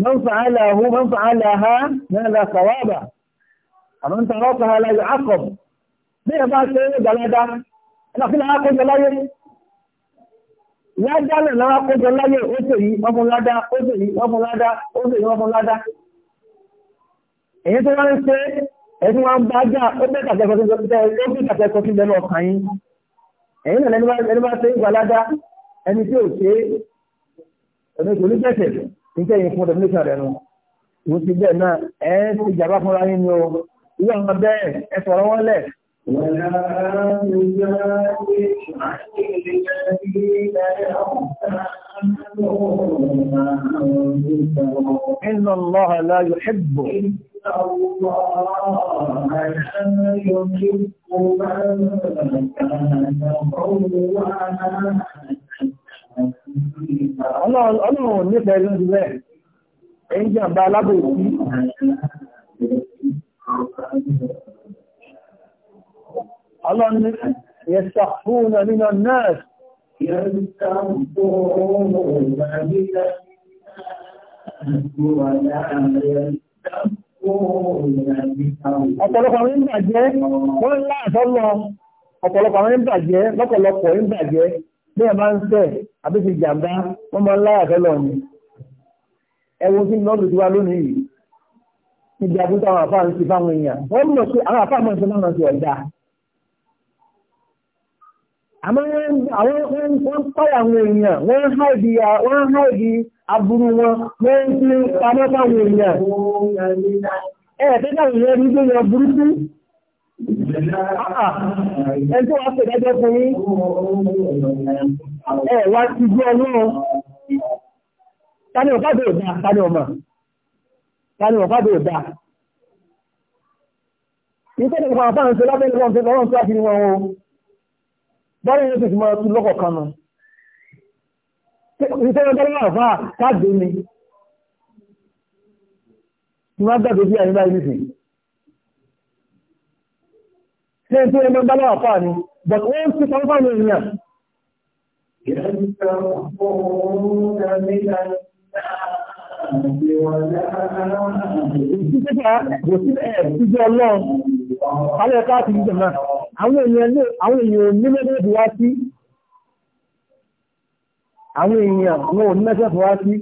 Speaker 2: man fa'ala hu bí ẹ bá ṣe é gbàládá ẹ̀ ládá náà lọ́wọ́ kójọ láyé óṣè yìí wọ́n fún ládá óṣè yìí wọ́n fún ládá óṣè yìí wọ́n fún ládá. èyí tó wọ́n ń ṣe ẹni wọ́n bá jà ó bẹ́ kàtẹ́kọ̀ọ́ sí lẹ́nu ọkàn yín èyí náà lẹ́nu bá ṣe ìgbà ládá ẹni tí ò ṣe ẹni tó ní bẹ̀sẹ̀ níṣẹ́ yìí fún definition rẹ̀ nu. mo o ìwé àwọn ولا نجالس عن الذين يختارون إن الله لا يحب إن الله لا يحب من كان عوانا Ọlọ́run nífẹ̀ẹ́ ló ti bẹ́ẹ̀, èyí jẹ́ àbá alábòsí ọlọ́run yẹsàfúnà nínú nurse ọ̀pọ̀lọpọ̀ àwọn ìbàjẹ́ wọ́n ń láàtọ́lọ ọ̀pọ̀lọpọ̀ àwọn ìbàjẹ́ lọ́pọ̀lọpọ̀ ìbàjẹ́ bí ẹ bá ń fẹ́ àbí ti jàmbá wọ́n máa ń láàtọ́lọ ni ẹwọ sí lọ́dún tí wá lónìí ìdí àbúta àwọn àmọ́ àwọn wọ́n pàyà àwọn èèyàn wọ́n háìdì wọ́n háìdì aburú wọn wọ́n ah, tí pamọ́ fáwọn èèyàn ẹ̀ tẹ́lá ìyẹn rí gbé yọ burúkú ẹ̀ tó wá pẹ̀lẹ́jọ́ fún yí ẹ̀ wá ti jẹ́ ọlọ́run tani ọ̀pádé ọ̀dá tani ọmọ tani ọ̀pádé ọ̀dá ní tẹ́lẹ̀ ìfọ̀nfà ń ṣe lábẹ́ ìwọ̀n tó lọ́rùn tó àfihàn wọn bọ́ọ̀lù yóò sì máa tún lọ́kọ̀ kan nù ìṣẹ́ ọjọ́ náà fà káàdé ni tí wọ́n gbàgbé bí àyíká yìí ṣe tí ẹmọ bá náà fà ni but wọ́n ti kọ́ fà ní ìrìnà Ìjíjẹ́ ọlọ́run, alẹ́ káàkiri jẹ̀ náà àwọn èèyàn lè àwọn èèyàn onílẹ̀-èdè wá sí àwọn èèyàn wọn onílẹ̀-èdè wá sí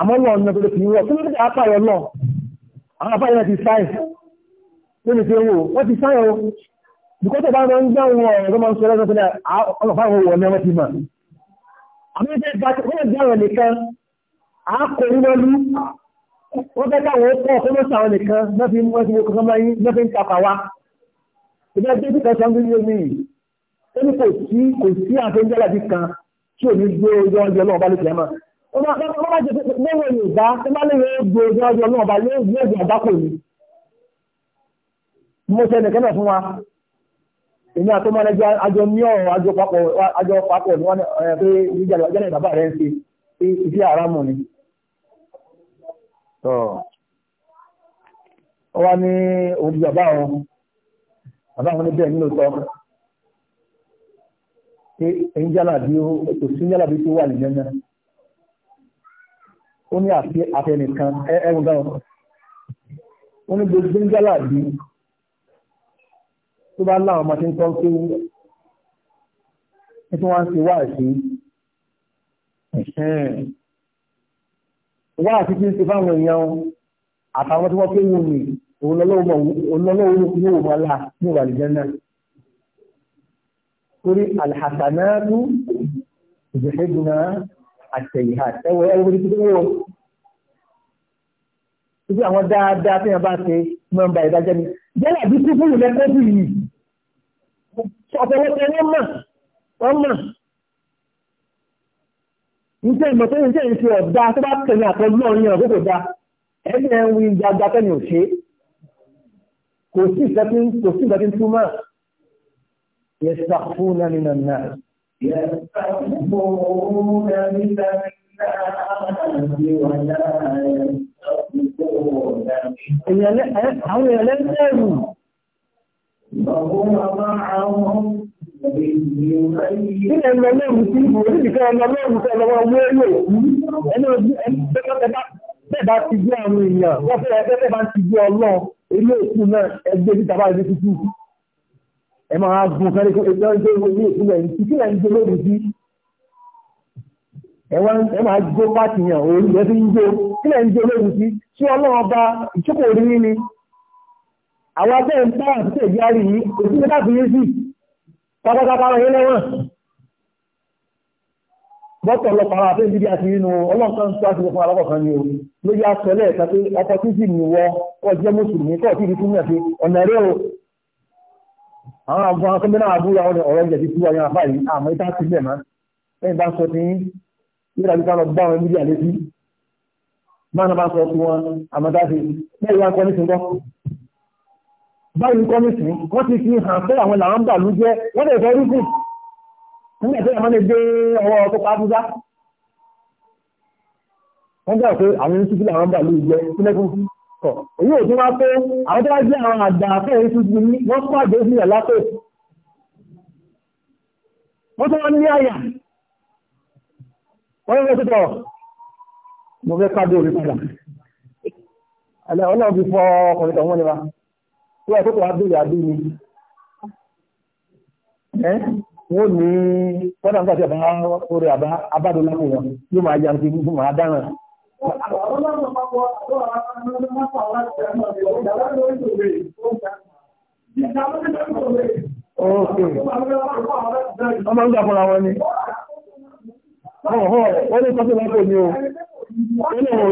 Speaker 2: àmọ́lọ̀ ọ̀nà tó lè fi wọ́n tó lè dẹ̀ apáyọ̀ lọ àwọn apáyọ̀ ti sáì lórí tí ó wọ́n ti sáì o bùkọ́tọ̀ bá wọn ń gbá wọn ọ̀rọ̀ tó máa ń sọ lọ́sọ̀ pẹ̀lú àwọn fáwọn wọn ni wọ́n ti mọ̀ àmọ́ ìgbà tí wọ́n gbá wọn nìkan àákòrí wọn lú wọ́n fẹ́ káwọn ó pọ̀ fún mọ́sàn àwọn nìkan lọ́fi mọ́sàn ìgbà tí ìdíkà sanwó yé mi ó ní kò sí kò sí àfẹ́jọ́lá bí kan tí ò ní gbé ojú ọjọ́ náà bá lè fẹ́ mọ́ wọ́n bá jẹ́ pé lọ́wọ́ yorùbá tó bá lè ọjọ́ náà bá yóò gbé ẹ̀jẹ̀ àgbákò ni mo ṣe ẹnì kẹ́nà fún wa èmi àti ọmọ ẹlẹ́jọ́ àjọ ní ọ̀rọ̀ àjọ papọ̀ àjọ papọ̀ ni wọ́n pé ìjà òun ti bàbá wọn bàbá àwọn oníbẹ̀ nínú tọ́ pé ẹ̀yìn jálàbí kò sí jálàbí tó wà lè jẹ́ náà ó ní àfẹnìkan ẹ̀rùn dáhùn ó ní gbogbo jálàbí tó bá láwọn ọmọ tí ń tọ́ pé ní tí wọ́n ń wá sí wá sí tí ń ṣe fáwọn èèyàn àtàwọn tí wọ́n pé wọ́n nìyí òun lọ́lọ́wọ́ yóò máa là ní ìwà àlùjànnà torí alhassanatu ìjẹ̀ṣẹ́gbìnà àtẹ̀yìhà ẹwọ ẹwọ ní títí wọ́n títí àwọn dáadáa tí wọ́n bá ṣe máa ń ba ìdájẹ́ ni jẹ́lá bí kú fún ìlẹ́ tẹ́bù yìí ọ̀pọ̀lọpọ̀ wọn mà wọn mà níṣẹ́ ìmọ̀ tó ń ṣe ìṣe ọ̀dá tó bá tẹ̀lé àtọ́lọ́ọ̀yìn àkókò dá ẹni ẹ̀ ń wí gbagba tẹ́ni kò sí ìsẹ́kí kò sí ìgbàdí túmọ̀ yẹsàkúnà nínú náà. yẹsàkúnà nínú náà àwọn èèyàn lẹ́gbẹ̀rù. Ilẹ̀ ìlọ lẹ́rù tí ìbò orílẹ̀-èdè ọmọ lẹ́rù tẹ́ lọ́wọ́ owó èlò ẹni ọdún ẹni tẹ́kọ́ tẹ́bá ti gbé àwọn èèyàn wọ́n fẹ́ ẹgbẹ́ tẹ́bá ti gbé ọlọ́ọ̀ ilé òkú náà ẹgbẹ́ tí tàbá ẹgbẹ́ títí ẹ máa gùn kẹ́lẹ́ kó ẹgbẹ́ ọjọ́ ìwé ilé òkú rẹ̀ títí rẹ̀ ń gbé lórí sí ẹ máa gbó pàtì yàn orí rẹ̀ fi ń gbó kí lẹ̀ ń gbé lórí sí tí ọlọ́run ọba ìjókòó orí ní àwọn abẹ́ ń bá àtúntẹ̀ ìgbé àrí yìí kò sí ní láti yé sí pátápátá rẹ̀ lẹ́wọ̀n bọ́tọ̀ ọlọ́pàá ara fẹ́ bíbí àti nínú ọlọ́pàá ń tó àti lọ́pàá alákọ̀ọ́kan ni o ló yá sọ lẹ́ẹ̀ka pé ọkọ̀ tí sì ní wọ kọ́ jẹ́ mùsùlùmí kọ́ tí ìdíkú mẹ́ pé ọ̀nà rẹ̀ o àwọn àwọn akọ́bẹ́ náà àbúrò àwọn ọ̀rọ̀ ìjẹ̀ ti túwọ́ yan afá yìí àmọ́ ìta ti bẹ̀ máa ẹ̀yìn bá sọ ti yín yíra bí ká lọ gbá àwọn mídíà létí máa náà bá sọ ti wọn àmọ́tá ti bẹ́ẹ̀ wá kọ́ nísìn kọ́ báyìí kọ́ nísìn wọ́n ti fi hàn pé àwọn làwọn bà ló jẹ́ wọ́n lè fẹ́ rí fún nígbà tí ẹ̀mọ́ lè gbé ọwọ́ tó pa ábúzá wọ́n gbà pé àwọn oníṣíjú làwọn bà lóò jẹ́ sílẹ̀ fún kọ̀ èyí ò tún wá pé àwọn tó bá jẹ́ àwọn àgbà afẹ́ oníṣíjú ní wọ́n kọ́ àgbẹ̀ ìṣúlẹ̀ lápò wọ́n tó wọ́n ní àyà wọ́n yóò tó mo fẹ́ ká dóòrí padà ọlọ́run fi fọ ọkùnrin tọ̀wọ́n ni wa tó wà tó kọ̀ wá dóòrí àdúgbò wọ́n ní fọ́dà nígbàtí orí abádọ́láwò wọn yóò máa yà sí fún máa dáràn. ọmọ ń gbàfọ́ra wọn ni wọ́n ní kọ́sí lápò ní o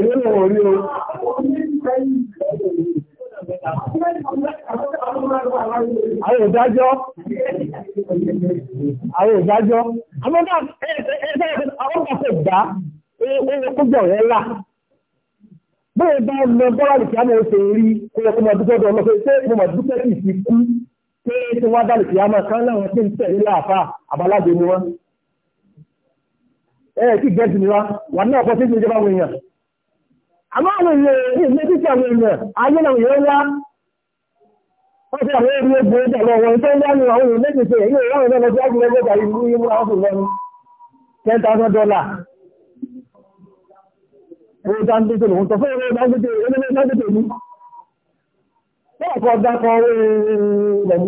Speaker 2: yóò lè wọ̀n rí o àwọn ìdájọ́ àwọn ìdájọ́ àmọ́dá àwọn ìdájọ́ ìdá owó kójọ rẹ̀ ńlá bóyá bá mọ bọ́lá lè kíámọ̀ fi kan láwọn tí ń tẹ̀lé ni wọ́n kí ni wá wà ìjọba ní wọ́n ti àwọn orí ogun ẹgbẹ́ lọ́wọ́ tó ń dánú àwọn èèyàn méjì pé èyí ìwọ̀n ìrọ̀lẹ́ tí ágbìlẹ̀ gbẹ́gbà ìlú ìmú àwọn fò lọ́nu ten thousand dollar owó dáńdótò lòun tọ́ fún ẹgbẹ́ dáńdótò ẹgbẹ́ dáńdótò ní lọ́ọ̀kọ́ dákọ̀ owó ìlẹ̀mú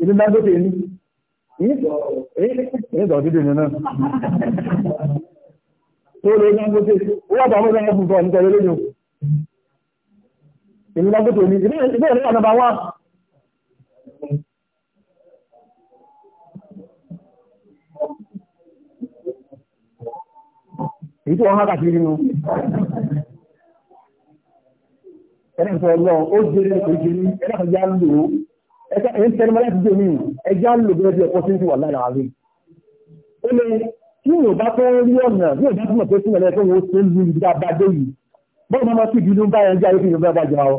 Speaker 2: ìlú dáńdótò ní Nígbà dídì nínú. Tó lè ní ọgbọ́n tí ó wà bá mọ́sán ẹkùn kan nítorí lónìí o. Èmi lágbó ní, ìbí ẹ̀rí ọ̀nà wá. Èyí tó wọ́n hákà sí nínú. Ẹni sọ ọlọ́run, ẹ̀ka ẹ̀yìn tẹ́lẹ̀mọ́ láti dé mi ẹjá ń lò gẹ́gẹ́ bí ọkọ̀ tí ń fi wà lára rí ó lè tí mi ò bá fẹ́ rí ọ̀nà bí ọ̀dá túnmọ̀ pé sílẹ̀ lẹ́ẹ̀kọ́ wo ṣe ń lu ibi dáadáa dé yìí bọ́ọ̀ máa sì bínú bá ẹjá yóò fi yóò bá bá jọ ọ.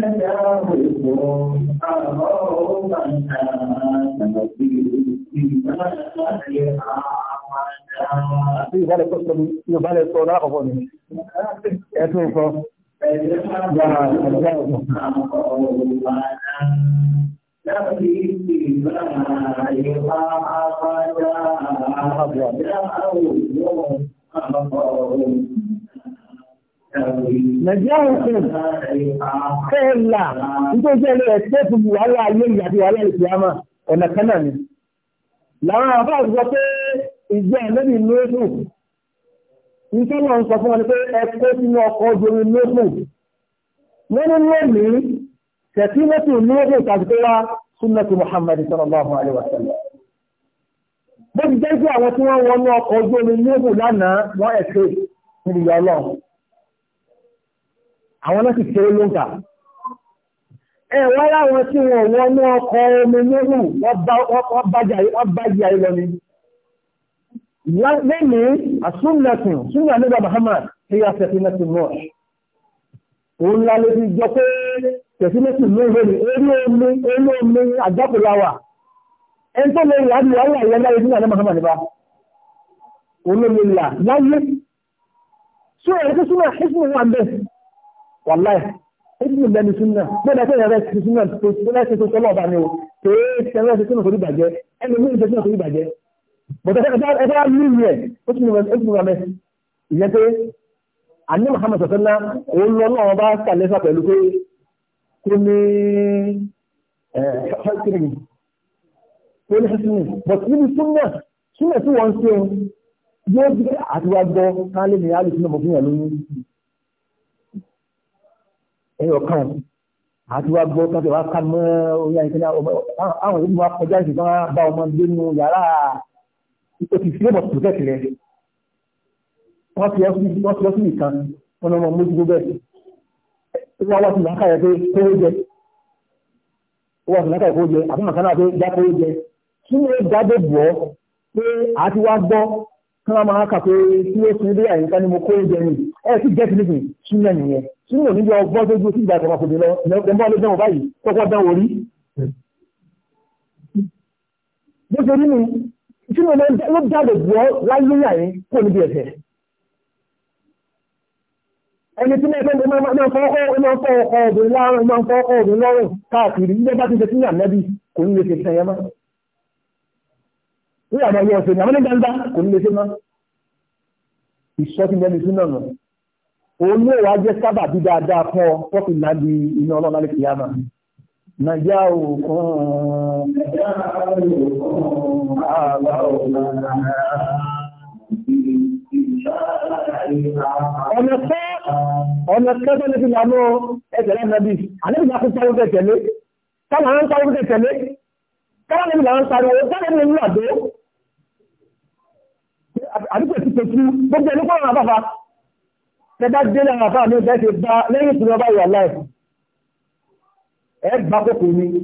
Speaker 1: Thank you
Speaker 2: àti ìbálẹ̀ sọ́sọ́ ní ìbálẹ̀ sọ lákọ̀ọ́kọ́ ni ẹ̀tún ìfọ́ yàrá ìjọba Nàìjíríà ń sìn fẹ́ẹ̀ là nítorí ẹ̀rọ ẹ̀sẹ̀ fún wàhálà ayé ìyàtọ̀ wàhálà ìfìyàmà ọ̀nà kan ni. Làwọn àbá àgbọ̀ pé ìgbẹ́ ẹ̀lẹ́bì lóòrùn ìtọ́lọ̀ ń sọ fún wọn pé ẹkọ́ sínú ọkọ̀ ojú lóòrùn lórí lónìí tẹ̀sí mẹ́tì lóòrùn tàbí pé wá súnmẹ́tì Muhammad sallallahu alaihi tí wọ́n wọ́n lẹ́yìn àsúnnàtì súnnà nígbà Muhammad tí a tẹ̀sínẹ́tì náà òun lálé ti jọ pé tẹ̀sínẹ́tì lóòrè ní orí omi orí omi àjọ́kùláwà ẹni tó lè rí àdìyà wà ìyẹn láyé súnnà nígbà Muhammad bá òun ló lè là láyé súnnà ní súnnà ìsúnnà wà ń bẹ̀ wàláì ìsúnnà lẹ́nu súnnà bẹ́ẹ̀ tẹ́lẹ̀ rẹ̀ ti súnnà tó lẹ́sẹ̀ tó sọ́lọ́ bọ̀dọ̀ ẹgbẹ́ wa ní ìlú ẹ̀ ó tún múra mẹ́ ìyẹn pé àní Muhammad sọ̀tẹ́lá òun lọ náà bá sàlẹ́sà pẹ̀lú pé kó ní ẹ̀ẹ́dẹ́gbẹ̀rún kó ní ṣẹ́sìnì bọ̀t níbi súnmọ̀ súnmọ̀ tí wọ́n ń ṣe yóò bí àtiwá gbọ́ káálé ní àlè sínú ọmọ fúnyà lóyún ẹyọ kan àtiwá gbọ́ káálé wá ká mọ́ orí àyíkẹ́lá àwọn ìlú wa kọjá ìṣẹ̀kan bá ọmọ gbénu yàrá òtì sí lébọ̀ protect rẹ̀ wọ́n ti lọ sí nìkan wọn lọ́mọ mójú gbogbo ẹ̀ wọ́n wá sí làákàyè pé kówó jẹ wọ́n sì làákàyè kówó jẹ àbí màkánà pé já kówó jẹ kí ni ó dájọ́ bù ọ́ pé a ti wá gbọ́ kí wọ́n máa kà pé kí ó tún ilé àyíká ni mo kówó jẹ ni ẹ sì jẹ́ sílẹ̀ sìn súnmọ́ nìyẹn súnmọ́ níbi ọgbọ́n tó gbé sí ìgbà àtàwọn òkòdè lọ lẹ́mọ́ ló dánwò báyìí kọ́kọ́ dánwò rí bó ṣe rí ni tí mo ló dáàbò bọ́ láyé yàrá kó níbi ẹ̀fẹ̀. ẹni tí mo fẹ́ máa fọ́ ọkọ̀ máa fọ́ ọkọ̀ ọ̀dùn láàrùn máa fọ́ ọkọ̀ ọ̀dùn lọ́rùn káàkiri nígbà bá ti ṣe sínú ànábì kò ní lè ṣe ìṣẹ̀yẹ mọ́. ní àwọn ọmọ ọ̀sẹ̀ ní àwọn onígbàgbà kò ní lè ṣe mọ́. ìṣọ́tí lẹ́nu sínú ọ̀nà òun yóò wá jẹ́ sábà bí dáadáa fún ọ tọ́pì láti iná ọlọ́run alẹ́ kìyàmà. nàìjíríà ò
Speaker 1: kàn án
Speaker 2: ọ̀nà kọ́ ọ̀nà kẹ́kẹ́ ní fi lànà ẹ̀tẹ̀lẹ́ nàbí àníbìnà fún sáré fẹ́ tẹ̀lé káwọn àwọn sáré fẹ́ tẹ̀lé káwọn níbi làwọn sáré owó káwọn níbi ní àdó àdúgbò ti pẹ̀tù gbogbo ẹni kọ́ra àbáfa tẹ́bá délé àwọn àbáfa ní ọjọ́ ìṣe bá lẹ́yìn ìṣúná bá yà láì ẹ̀ bá kókò ní bí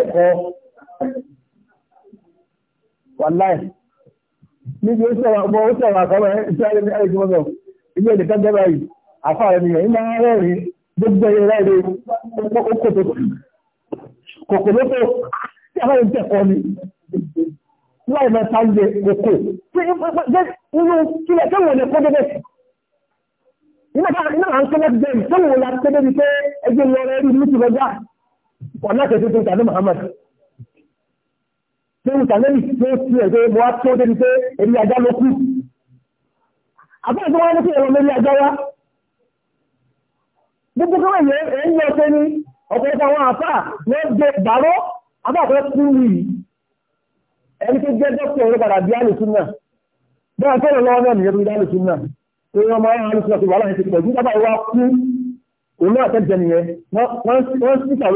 Speaker 2: ẹ̀ wàláì níbi ó sẹ̀wà kọ́mọ̀ ìṣẹ́lẹ̀ ẹ̀ẹ́dìmọ́sọ̀ ilé ìdíkà jẹ́bà yìí àfáà rẹ̀ nìyẹn iná rẹ̀rin gbogbo ẹ̀yẹ rẹ̀ kòkòlókò tí a rẹ̀ tẹ̀kọ́ ni láì mẹ́ta ń jẹ kòkò inú kílẹ̀ tẹ́wọ̀n lè kọ́ bẹ́bẹ̀ iná à ń kọ́lẹ̀ bẹ́ẹ̀ tẹ́wọ̀n la kọ́ bẹ́ẹ̀ pé ẹgbẹ́ lọ́rẹ́ rí mú ti rọjá wà náà kẹ́sì tó tàbí Muhammad pé ìtàlẹ́yìn pé tí ẹ̀ pé mo wá tó débi pé èmi ajá ló kú. àbúrò tó wá ní kí ẹ̀rọ lórí ajá wá. gbogbo kí wọ́n yẹ ẹ̀yìn yọ pé ní ọ̀pọ̀lọpọ̀ àwọn àfà ló gbé bàárọ̀ abáàfẹ́ kú ní yìí. ẹni tó jẹ́ dókítà ló padà bí àlùsùn náà. bẹ́ẹ̀ tó lọ lọ́wọ́ náà nìyẹn tó bí àlùsùn náà. pé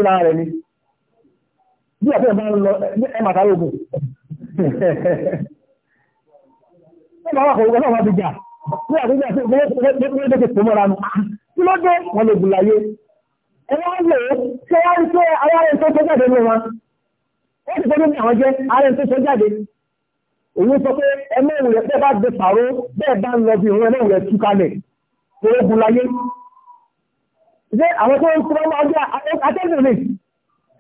Speaker 2: wọ́n máa ń bí àti ẹ̀bá ń lọ ẹmà tàrí ogun ẹmà wà kọ̀ọ̀kọ̀ náà wà ti jà bí àti ìjà tí ó gbé tó mọ́ra nù kí ló dé wọn lè gùnláyé ẹwà lè ṣe àwọn jẹ́ tó sọ́jáde òun sọ àwọn tó ń kúrọ́ máa jẹ́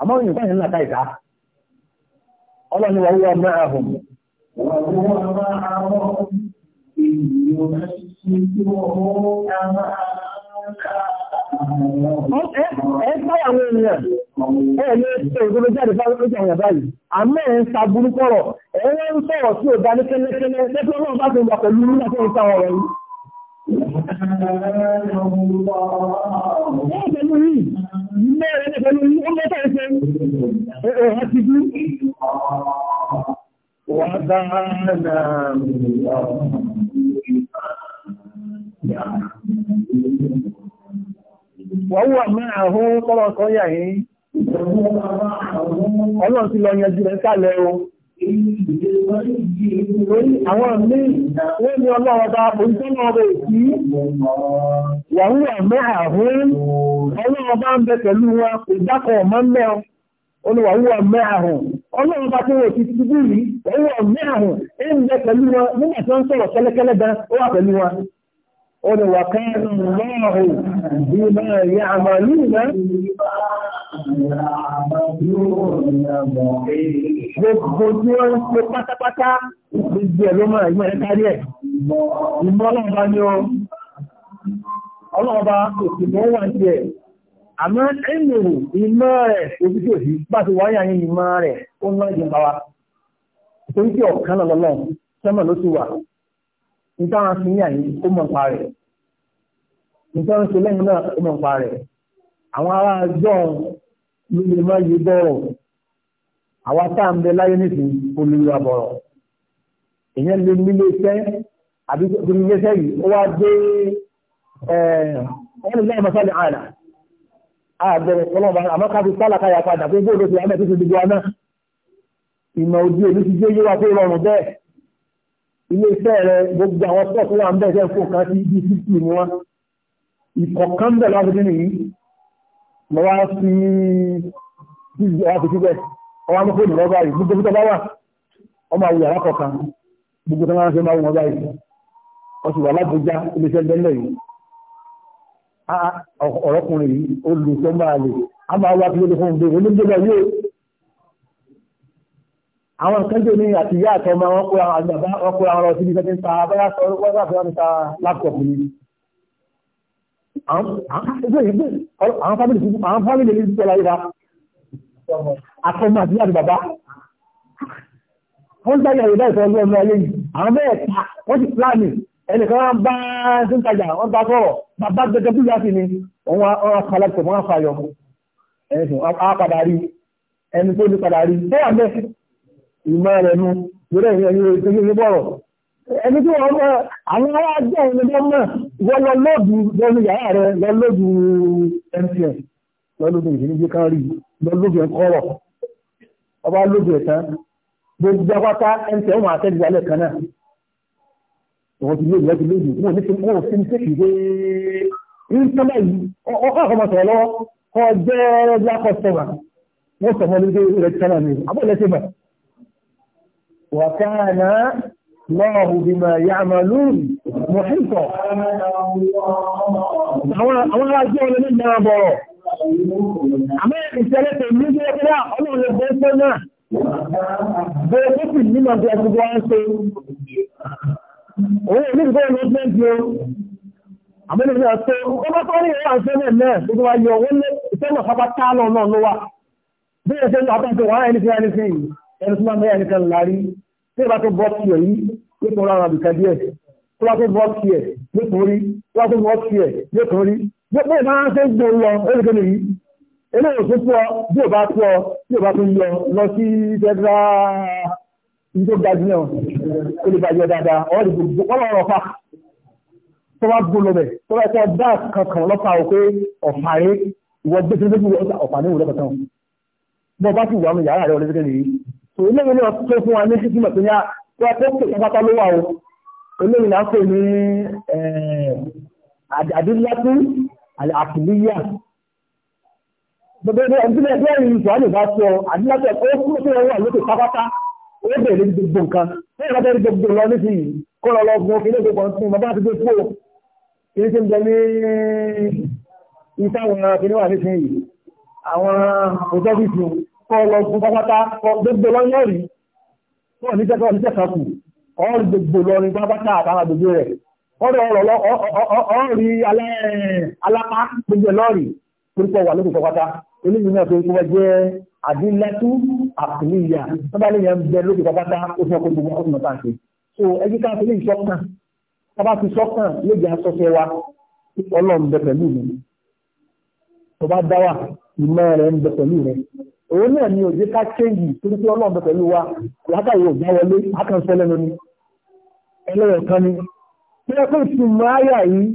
Speaker 2: àmọ́ òyìn fẹ́ ìrìnlẹ̀ àtàìdá ọlọ́niwà wúwa mẹ́ra hùn Ẹgbẹ́ àwọn ènìyàn, ẹ̀ ní ṣe ìgbómi jáde bá lójú àwọn àbáyìí, àmọ́ ẹ̀ ń sa burúkọ̀rọ̀, ẹ̀ ń sọ̀rọ̀ sí ò dá ní kẹ́lẹ́kẹ́lẹ́, lẹ́gbẹ́ ọlọ́run bá ti wà pẹ̀lú nígbà tó ń sa ọ̀rọ̀ yìí. Ẹgbẹ̀rún rí, mẹ́rin ní pẹ̀lú ní ọmọ ẹ̀fẹ́ ẹ̀fẹ́ ẹ̀họ́ Àwọn àmì wọ́n ni ọlọ́ọ̀dá oúnjẹ́lọ́ọ̀dá ìsí, wàhún àmì àhún, ọlọ́ọ̀dá ń bẹ pẹ̀lú wọn, ìdákọ̀ ọmọ mẹ́ọ, olùwàhún àmì àhún. tó wò ti ti yìí, wàhún àmì àhún, قل وكان الله بما يعملون Gbogbo tí ó ń ṣe pátápátá gbogbo ẹ̀ ló máa yí ẹ̀ kárí ẹ̀. Ìmọ̀ ọlọ́ọ̀bá ni ó, ọlọ́ọ̀bá òsìmọ̀ wà ní ẹ̀. Àmọ́ ẹ̀mìrì ìmọ̀ rẹ̀ òbítòsí bá ti wáyà ní ìmọ̀ rẹ̀ ó náà jẹ́ nítawọn fi ní àyè ó mọ̀ pa rẹ̀ nítawọn fi lẹ́yìn náà ó mọ̀ pa rẹ̀ àwọn ará ẹjọ́ ló lè má yé bọ́rọ̀ àwa tá à ń bẹ láyé nísìnyí olùyọ àbọ̀rọ̀ èèyàn lè nílé iṣẹ́ àbí ilé iṣẹ́ yìí ó wá dé ẹ̀ẹ́dẹ̀ lẹ́yìn mọ́sálẹ̀ àlà àbẹ̀rẹ̀ ọlọ́mọba àmọ́ ká fi sálà káyà padà pé bóòdó ti àmẹ́ tó ti dìbò àná ìmọ̀ òdi òní ti gbé yé wa rọrùn bẹ́ẹ̀ iléeṣẹ́ rẹ gbogbo àwọn pọ́ọ̀tù wà ń bẹ̀ jẹ́ fún kan sí ibi fífì ni wọ́n ìkọ̀kan bẹ̀ láti dín nìyí mo wá sí bíbí ọ̀hún àti bẹ́ẹ̀ ọwọ́ amúfóònù lọ́wọ́ báyìí gbogbo tó bá wà ọmọ àwọn yàrá kọ̀ọ̀kan gbogbo tó máa ń ṣe máa wù wọ́n báyìí wọ́n sì wà lágbèjá iléeṣẹ́ bẹ́ẹ̀ yìí ọ̀rọ̀kùnrin yìí ó lè tó máa lè a máa wá kí ló lè fún un bẹ́ẹ̀ àwọn nǹkan tó ní àti ìyá àtọ ọmọ wọn kóra àwọn àgbà wọn kóra wọn lọ síbi tó ti ń ta abẹ́rẹ́ sọ wọ́n sáfẹ́ wọn ta láptọ̀pù ni. àwọn fámìlì tuntun àwọn fámìlì ní ìtọ́lá yìí ra àtọmọ àti ìyá àti bàbá. wọ́n ń tajà ìdá ìfọ̀ ọlọ́run ayé yìí àwọn bẹ́ẹ̀ ta wọ́n ti pílánì ẹnìkan wọn bá ti ń tajà wọ́n bá sọ̀rọ̀ bàbá gẹ́gẹ́ bí ìyá sí ni wọ́n á kọ́ láptọ̀pù wọ́n á fà yọ ẹni tó ní padà rí ìmọ̀ rẹ̀ nu lórí ẹ̀yìn ẹ̀yìn rẹ̀ tó yẹ bọ̀rọ̀ ẹni tí wọ́n mọ̀ àwọn ará jẹ́ ẹni tó mọ̀ wọ́n lọ lóòdù lọ́nu yàrá rẹ̀ lọ lóòdù MTN lọ́lódù ìdíníjẹ́ kan rí lọ́lódù ẹ̀kọ́rọ̀ ọba lóòdù ẹ̀tàn gbogbo apáta MTN wọn àtẹ́jú alẹ́ kan náà wọ́n ti lóòdù lọ́dù lóòdù wọn ní fi wọn ò fi ní sèkì dé ní sábà yìí ọkọ̀ àkọ́mọ̀sọ̀ lọ́wọ́ kọ́ jẹ́ black customer wọ́n sọ fún mi وكان الله بما يعملون محيطا àwọn ajé olè ní ìdára bọ̀rọ̀ àmọ́ ìṣẹ̀lẹ̀ tèmi ní ọjọ́ ọlọ́run lè bọ́ pẹ́ náà bẹ́ẹ̀ tó sì nímọ̀ bí ẹgbẹ́ wọ́n ṣe òun ìlú ìgbẹ́ ìlú ọjọ́ ìjọ àmọ́ ìlú ìwọ̀n àṣẹ náà náà tó tó wá yọ wọ́n ìṣẹ́lẹ̀ pápá tá lọ́nà ló bí ẹ̀ṣẹ́ ní àtàkùn wàhálà ẹni fi ẹni fi yìí ẹni tó máa mẹ́rin nìkan láàrí tí ìbá tó bọ́ sí ẹ̀ yìí lẹ́kùn rárá bìkà díẹ̀ tó bá tó bọ́ sí ẹ̀ lẹ́kùn rí tó bá tó bọ́ sí ẹ̀ lẹ́kùn rí gbogbo ìbá ṣe ń gbòòrò lọ ẹnìkan nìyí eléyìí tó pọ̀ bí ò bá pọ̀ bí ò bá tó yọ lọ sí fẹ́dúrà ibi tó ga jùlọ dáadáa ọ̀rọ̀ ìgbòho ọ̀rọ̀ ọ̀fà tó bá gbó lọ bẹ̀ tó bá tẹ́ bá kankan lọ́pàá òkè ọ̀fà rẹ̀ ìwọ gbé eléyìí náà tó fún wa ní ṣíkímọ̀ tó ní wọ́n tó pè pátá ló wà o eléyìí náà pè ní àdínlẹ́kùn eh, àkìlíyà gbogbo ẹgbẹ́ ẹgbẹ́ ìrìn ìjọ àlè bá sọ àdínlẹ́kùn ó fún tó wà lókè pátápátá ó bẹ̀rẹ̀ ní gbogbo nǹkan ó yẹ lábẹ́rẹ́ gbogbo lọ nísìnyí kó lọ lọ gun òfin lóògbé kan tún bàbá àti gbé fún o kì í ṣe ń bẹ ní ìtàwọn kìnìún àti sìn yìí àwọn òjọ́ bí fún kọ́ lọ fún pápátá kọ gbogbo lọ́yọ́ rí náà ní tẹ́kọ̀ọ́ ní tẹ́kọ̀ọ́ kù ọ̀rọ̀ gbogbo lọ́rin pápátá àtàwọn gbogbo rẹ̀ ọ̀rọ̀ ọ̀rọ̀ ọ̀rí alápá gbogbo lọ́rí torípọ̀ wà lókè pápátá eléyìí náà tó ń kọ́ jẹ́ àdínlẹ́tú àpìlíyà tó bá léyìn ń bẹ lókè pápátá ó fún ọkọ̀ gbogbo ọdún mọ́ta ṣe so ẹjí ká fi léyìn sọ́kàn tá bá fi sọ́kàn léjì asọ́fẹ́ wa ọlọ́run bẹ pẹ̀lú mi tó bá dá wà ìmọ̀ rẹ̀ ń bẹ pẹ̀lú rẹ̀ òun náà ni òjé ká kéyì torí pé ọlọ́run bẹ pẹ̀lú wa látàrí òjá wọlé akẹ́sọ lẹ́nu ni ẹlẹ́rọ̀ kan ni tí ẹ pé ìtumọ̀ ayà yìí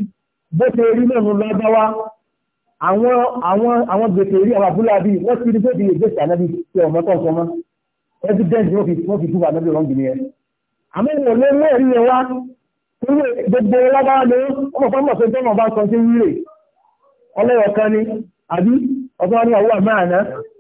Speaker 2: bó ṣe rí lẹ́nu lọ́gbáwá àwọn àwọn àwọn gbèsè rí àwọn abúlé àbí wọ́n ti rí pé ìdíyè gbèsè ànábì ṣe ọmọ kan sọmọ evidence wọn fi wọn fi túbọ̀ ànábì rọ́ǹgì nìyẹn àmọ́ ìwọ̀n lé lẹ́ẹ̀rí yẹn wá torí gbogbo lọ́gbáwá ni wọ́n mọ̀ pé tọ́mọ̀ bá sọ sí wíìrè ọlẹ́rọ̀ kan ni àbí ọgbọ́n ní àwọn àmọ́ àná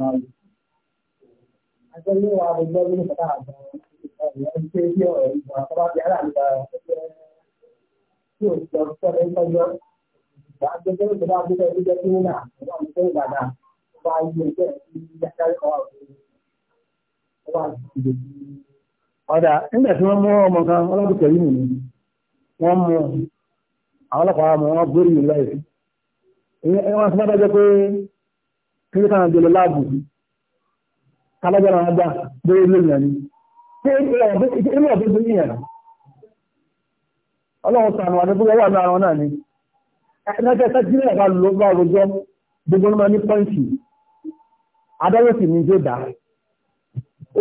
Speaker 2: náà. Àjọ ilé wa lè gbọ́ nínú ìpàdé àgbà ọ̀rọ̀ ṣe bí ọ̀rọ̀ ìgbà àkọ́bá bí aláàbíkà tí ò sọ sọ́dọ̀ ìtọ́jọ́. Ìgbà àjọjọ́ ìjọba àgbẹ̀tẹ̀ ìjọba tí wọ́n náà wọ́n ń fẹ́ ìbàdàn bá iye ẹgbẹ́ ìyájáde ọ̀rọ̀ ọ̀rọ̀ àti ọ̀dà nígbà tí wọ́n mú ọmọ kan ọlọ́dún pẹ̀lú mi ni wọ́n mú àwọn ọlọ́pàá mọ̀ wọ́n gbórí ìlú láìsí. Ìyẹn wọ́n ti máa dájọ́ pé kí ní káwọn jẹ́ lọ láàbù kálágbára wọn gbà lórí ilé ìyàn ni ilé ọ̀dọ́ tó yìnyàn ọlọ́run sànù àdébúgbọ́ wà ni ẹ̀ẹ́dẹ́gbẹ́ sẹ́tìlẹ̀ bá lọ bá rojọ́ gbogbo ọmọ ní pọ́ǹtì adájọ́ sì ní tó dá ó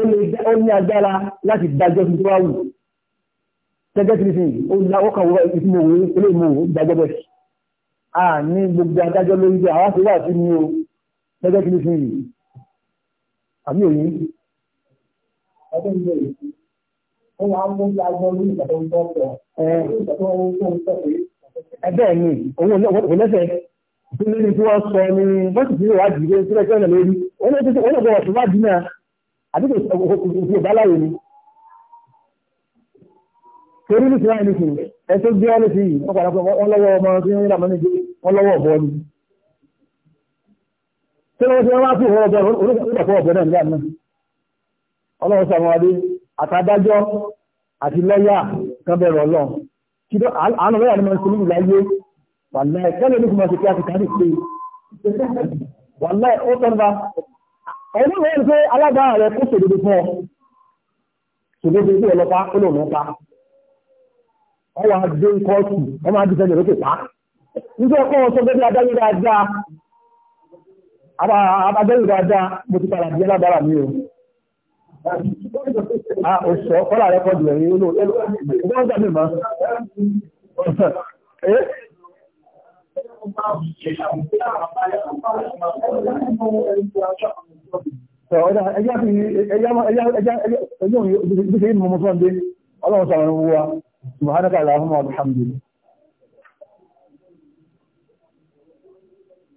Speaker 2: ní agbára láti dájọ́ sí tó wá wù gẹ́gẹ́ tí sí ó ní ọkàn wọ ìfimòwò ilé ìmòwò dájọ́ bẹ́ẹ̀ à ní gbogbo adájọ́ lórí àwọn àti sí ni o lẹ́gbẹ́ kí ní fi yìí àmì òyìn ọdún ilé yìí ó wà mú lágbọ́n ní ìgbà tó ń bọ́ pọ̀ ẹ̀bẹ́ ni òun ò lẹ́sẹ̀ tí ní ní tí wọ́n sọ ní bọ́sì tí wàá dìde tí wọ́n sẹ́yìn lórí òun ló tẹ́tẹ́ òun ló bọ̀wọ̀ tó bá dì náà àdúgbò òkùnkùn ò bá láyé ni torí ní ti wáyé ní kìí ẹ tó gbé wọn lé sí yìí wọn padà pé wọn lọ́wọ́ ọmọ tí wọn yíra mọ́ níbi wọn lọ́wọ́ ọ̀bọ ni tí wọ́n ti wá sí ìwọ̀n ọ̀bẹ onígbàfọ́ ọ̀bẹ náà nígbà náà ọlọ́run sàmúwadé àtàdájọ́ àti lọ́yà kan bẹ̀rẹ̀ ọlọ́run kí ló àánú lọ́yà ni mo ń sinmi láyé wàláì kẹ́lẹ́ ní kí mo ti kí a ti kárí pé wàláì ó tọ́nba ẹ̀rọ rẹ̀ ń pé alábàá rẹ̀ kó ṣòdodo fún ọ ṣòdodo ilé ọlọ́pàá ó lòun abájẹ́rù dáadáa mo ti padà bí alábára mi o. a ò sọ kọ́lá rẹ́kọ̀dù rẹ̀ yìí ló ń gbà mí mọ́. Ọ̀dá ẹjá fi ẹjá ẹjọ́ òyìnbó ṣe ń mú mú fún ọdún ọlọ́run sàrànwó wa, Subhanaka Allahumma wa bihamdika.